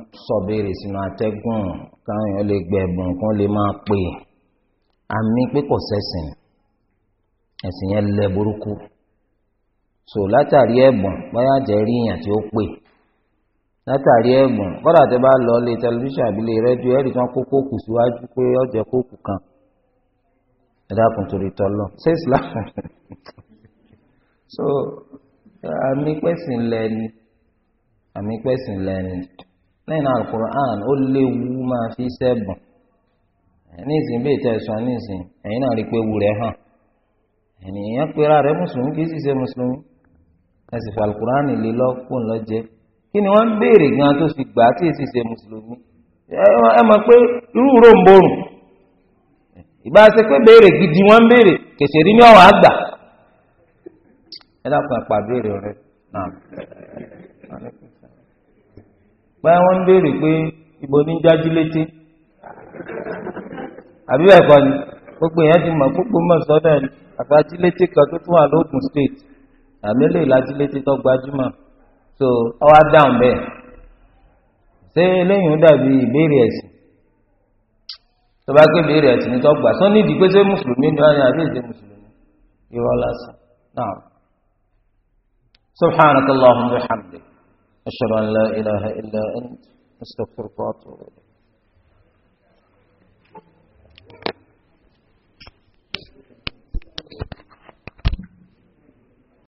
sínú atẹ́gùn káwọn èèyàn lè lè máa pè àmì pé kò sẹ́sìn ẹ̀sìn yẹn so látàrí ẹ̀bùn báyà jẹ́ rí èèyàn tí ó pè látàrí ẹ̀bùn kọ́dà tẹ́ bá lọ lé tẹlifíṣàn àbílẹ̀ rẹ́díò ẹ̀rì kan kó kókù síwájú pé ọ̀jẹ̀ kókù kan ẹ̀dá kùn torí tọ́lọ̀ ṣé Islam (laughs) so àmì pẹ́sìn lẹ́ni àmì pẹ́sìn lẹ́ni lẹ́yìn náà alukur'an ó léwu máa fi ẹsìn fi alukurani lè lọ kún kí ni wọ́n ń béèrè gan tó fi gbà á tí èsì ṣe mùsùlùmí ẹ mọ̀ pé irú rò ń borùn ìbá ṣe pé béèrè gidi wọ́n ń béèrè kèsè rí ní ọwọ́ àgbà ẹ dákun ẹ pàdé èrè rẹ náà báyọ̀ wọ́n ń béèrè pé ibo ní jájú létí àbí ẹ̀kọ́ ni gbogbo èèyàn ti mọ̀ gbogbo mọ̀ sọ́dọ̀ ẹ̀ àgbájú létí kan tó tún wà lóògùn state àmì lè láti létí tó gbajúmọ̀ so ọwọ́ dáhùn bẹ́ẹ̀ ṣé eléyìí ń dàbí ìbéèrè ẹ̀sìn tó bá gbé ìbéèrè ẹ̀sìn ní tó gbà sọ nídìí pé ṣé mùsùlùmí ni wọ́n ní àbí èdè mùsùlùmí irọ́ lásán náà subhanakallahumma wa bihamdik ashhadu an la ilaha illa ant astaghfiruka wa atubu ilayk.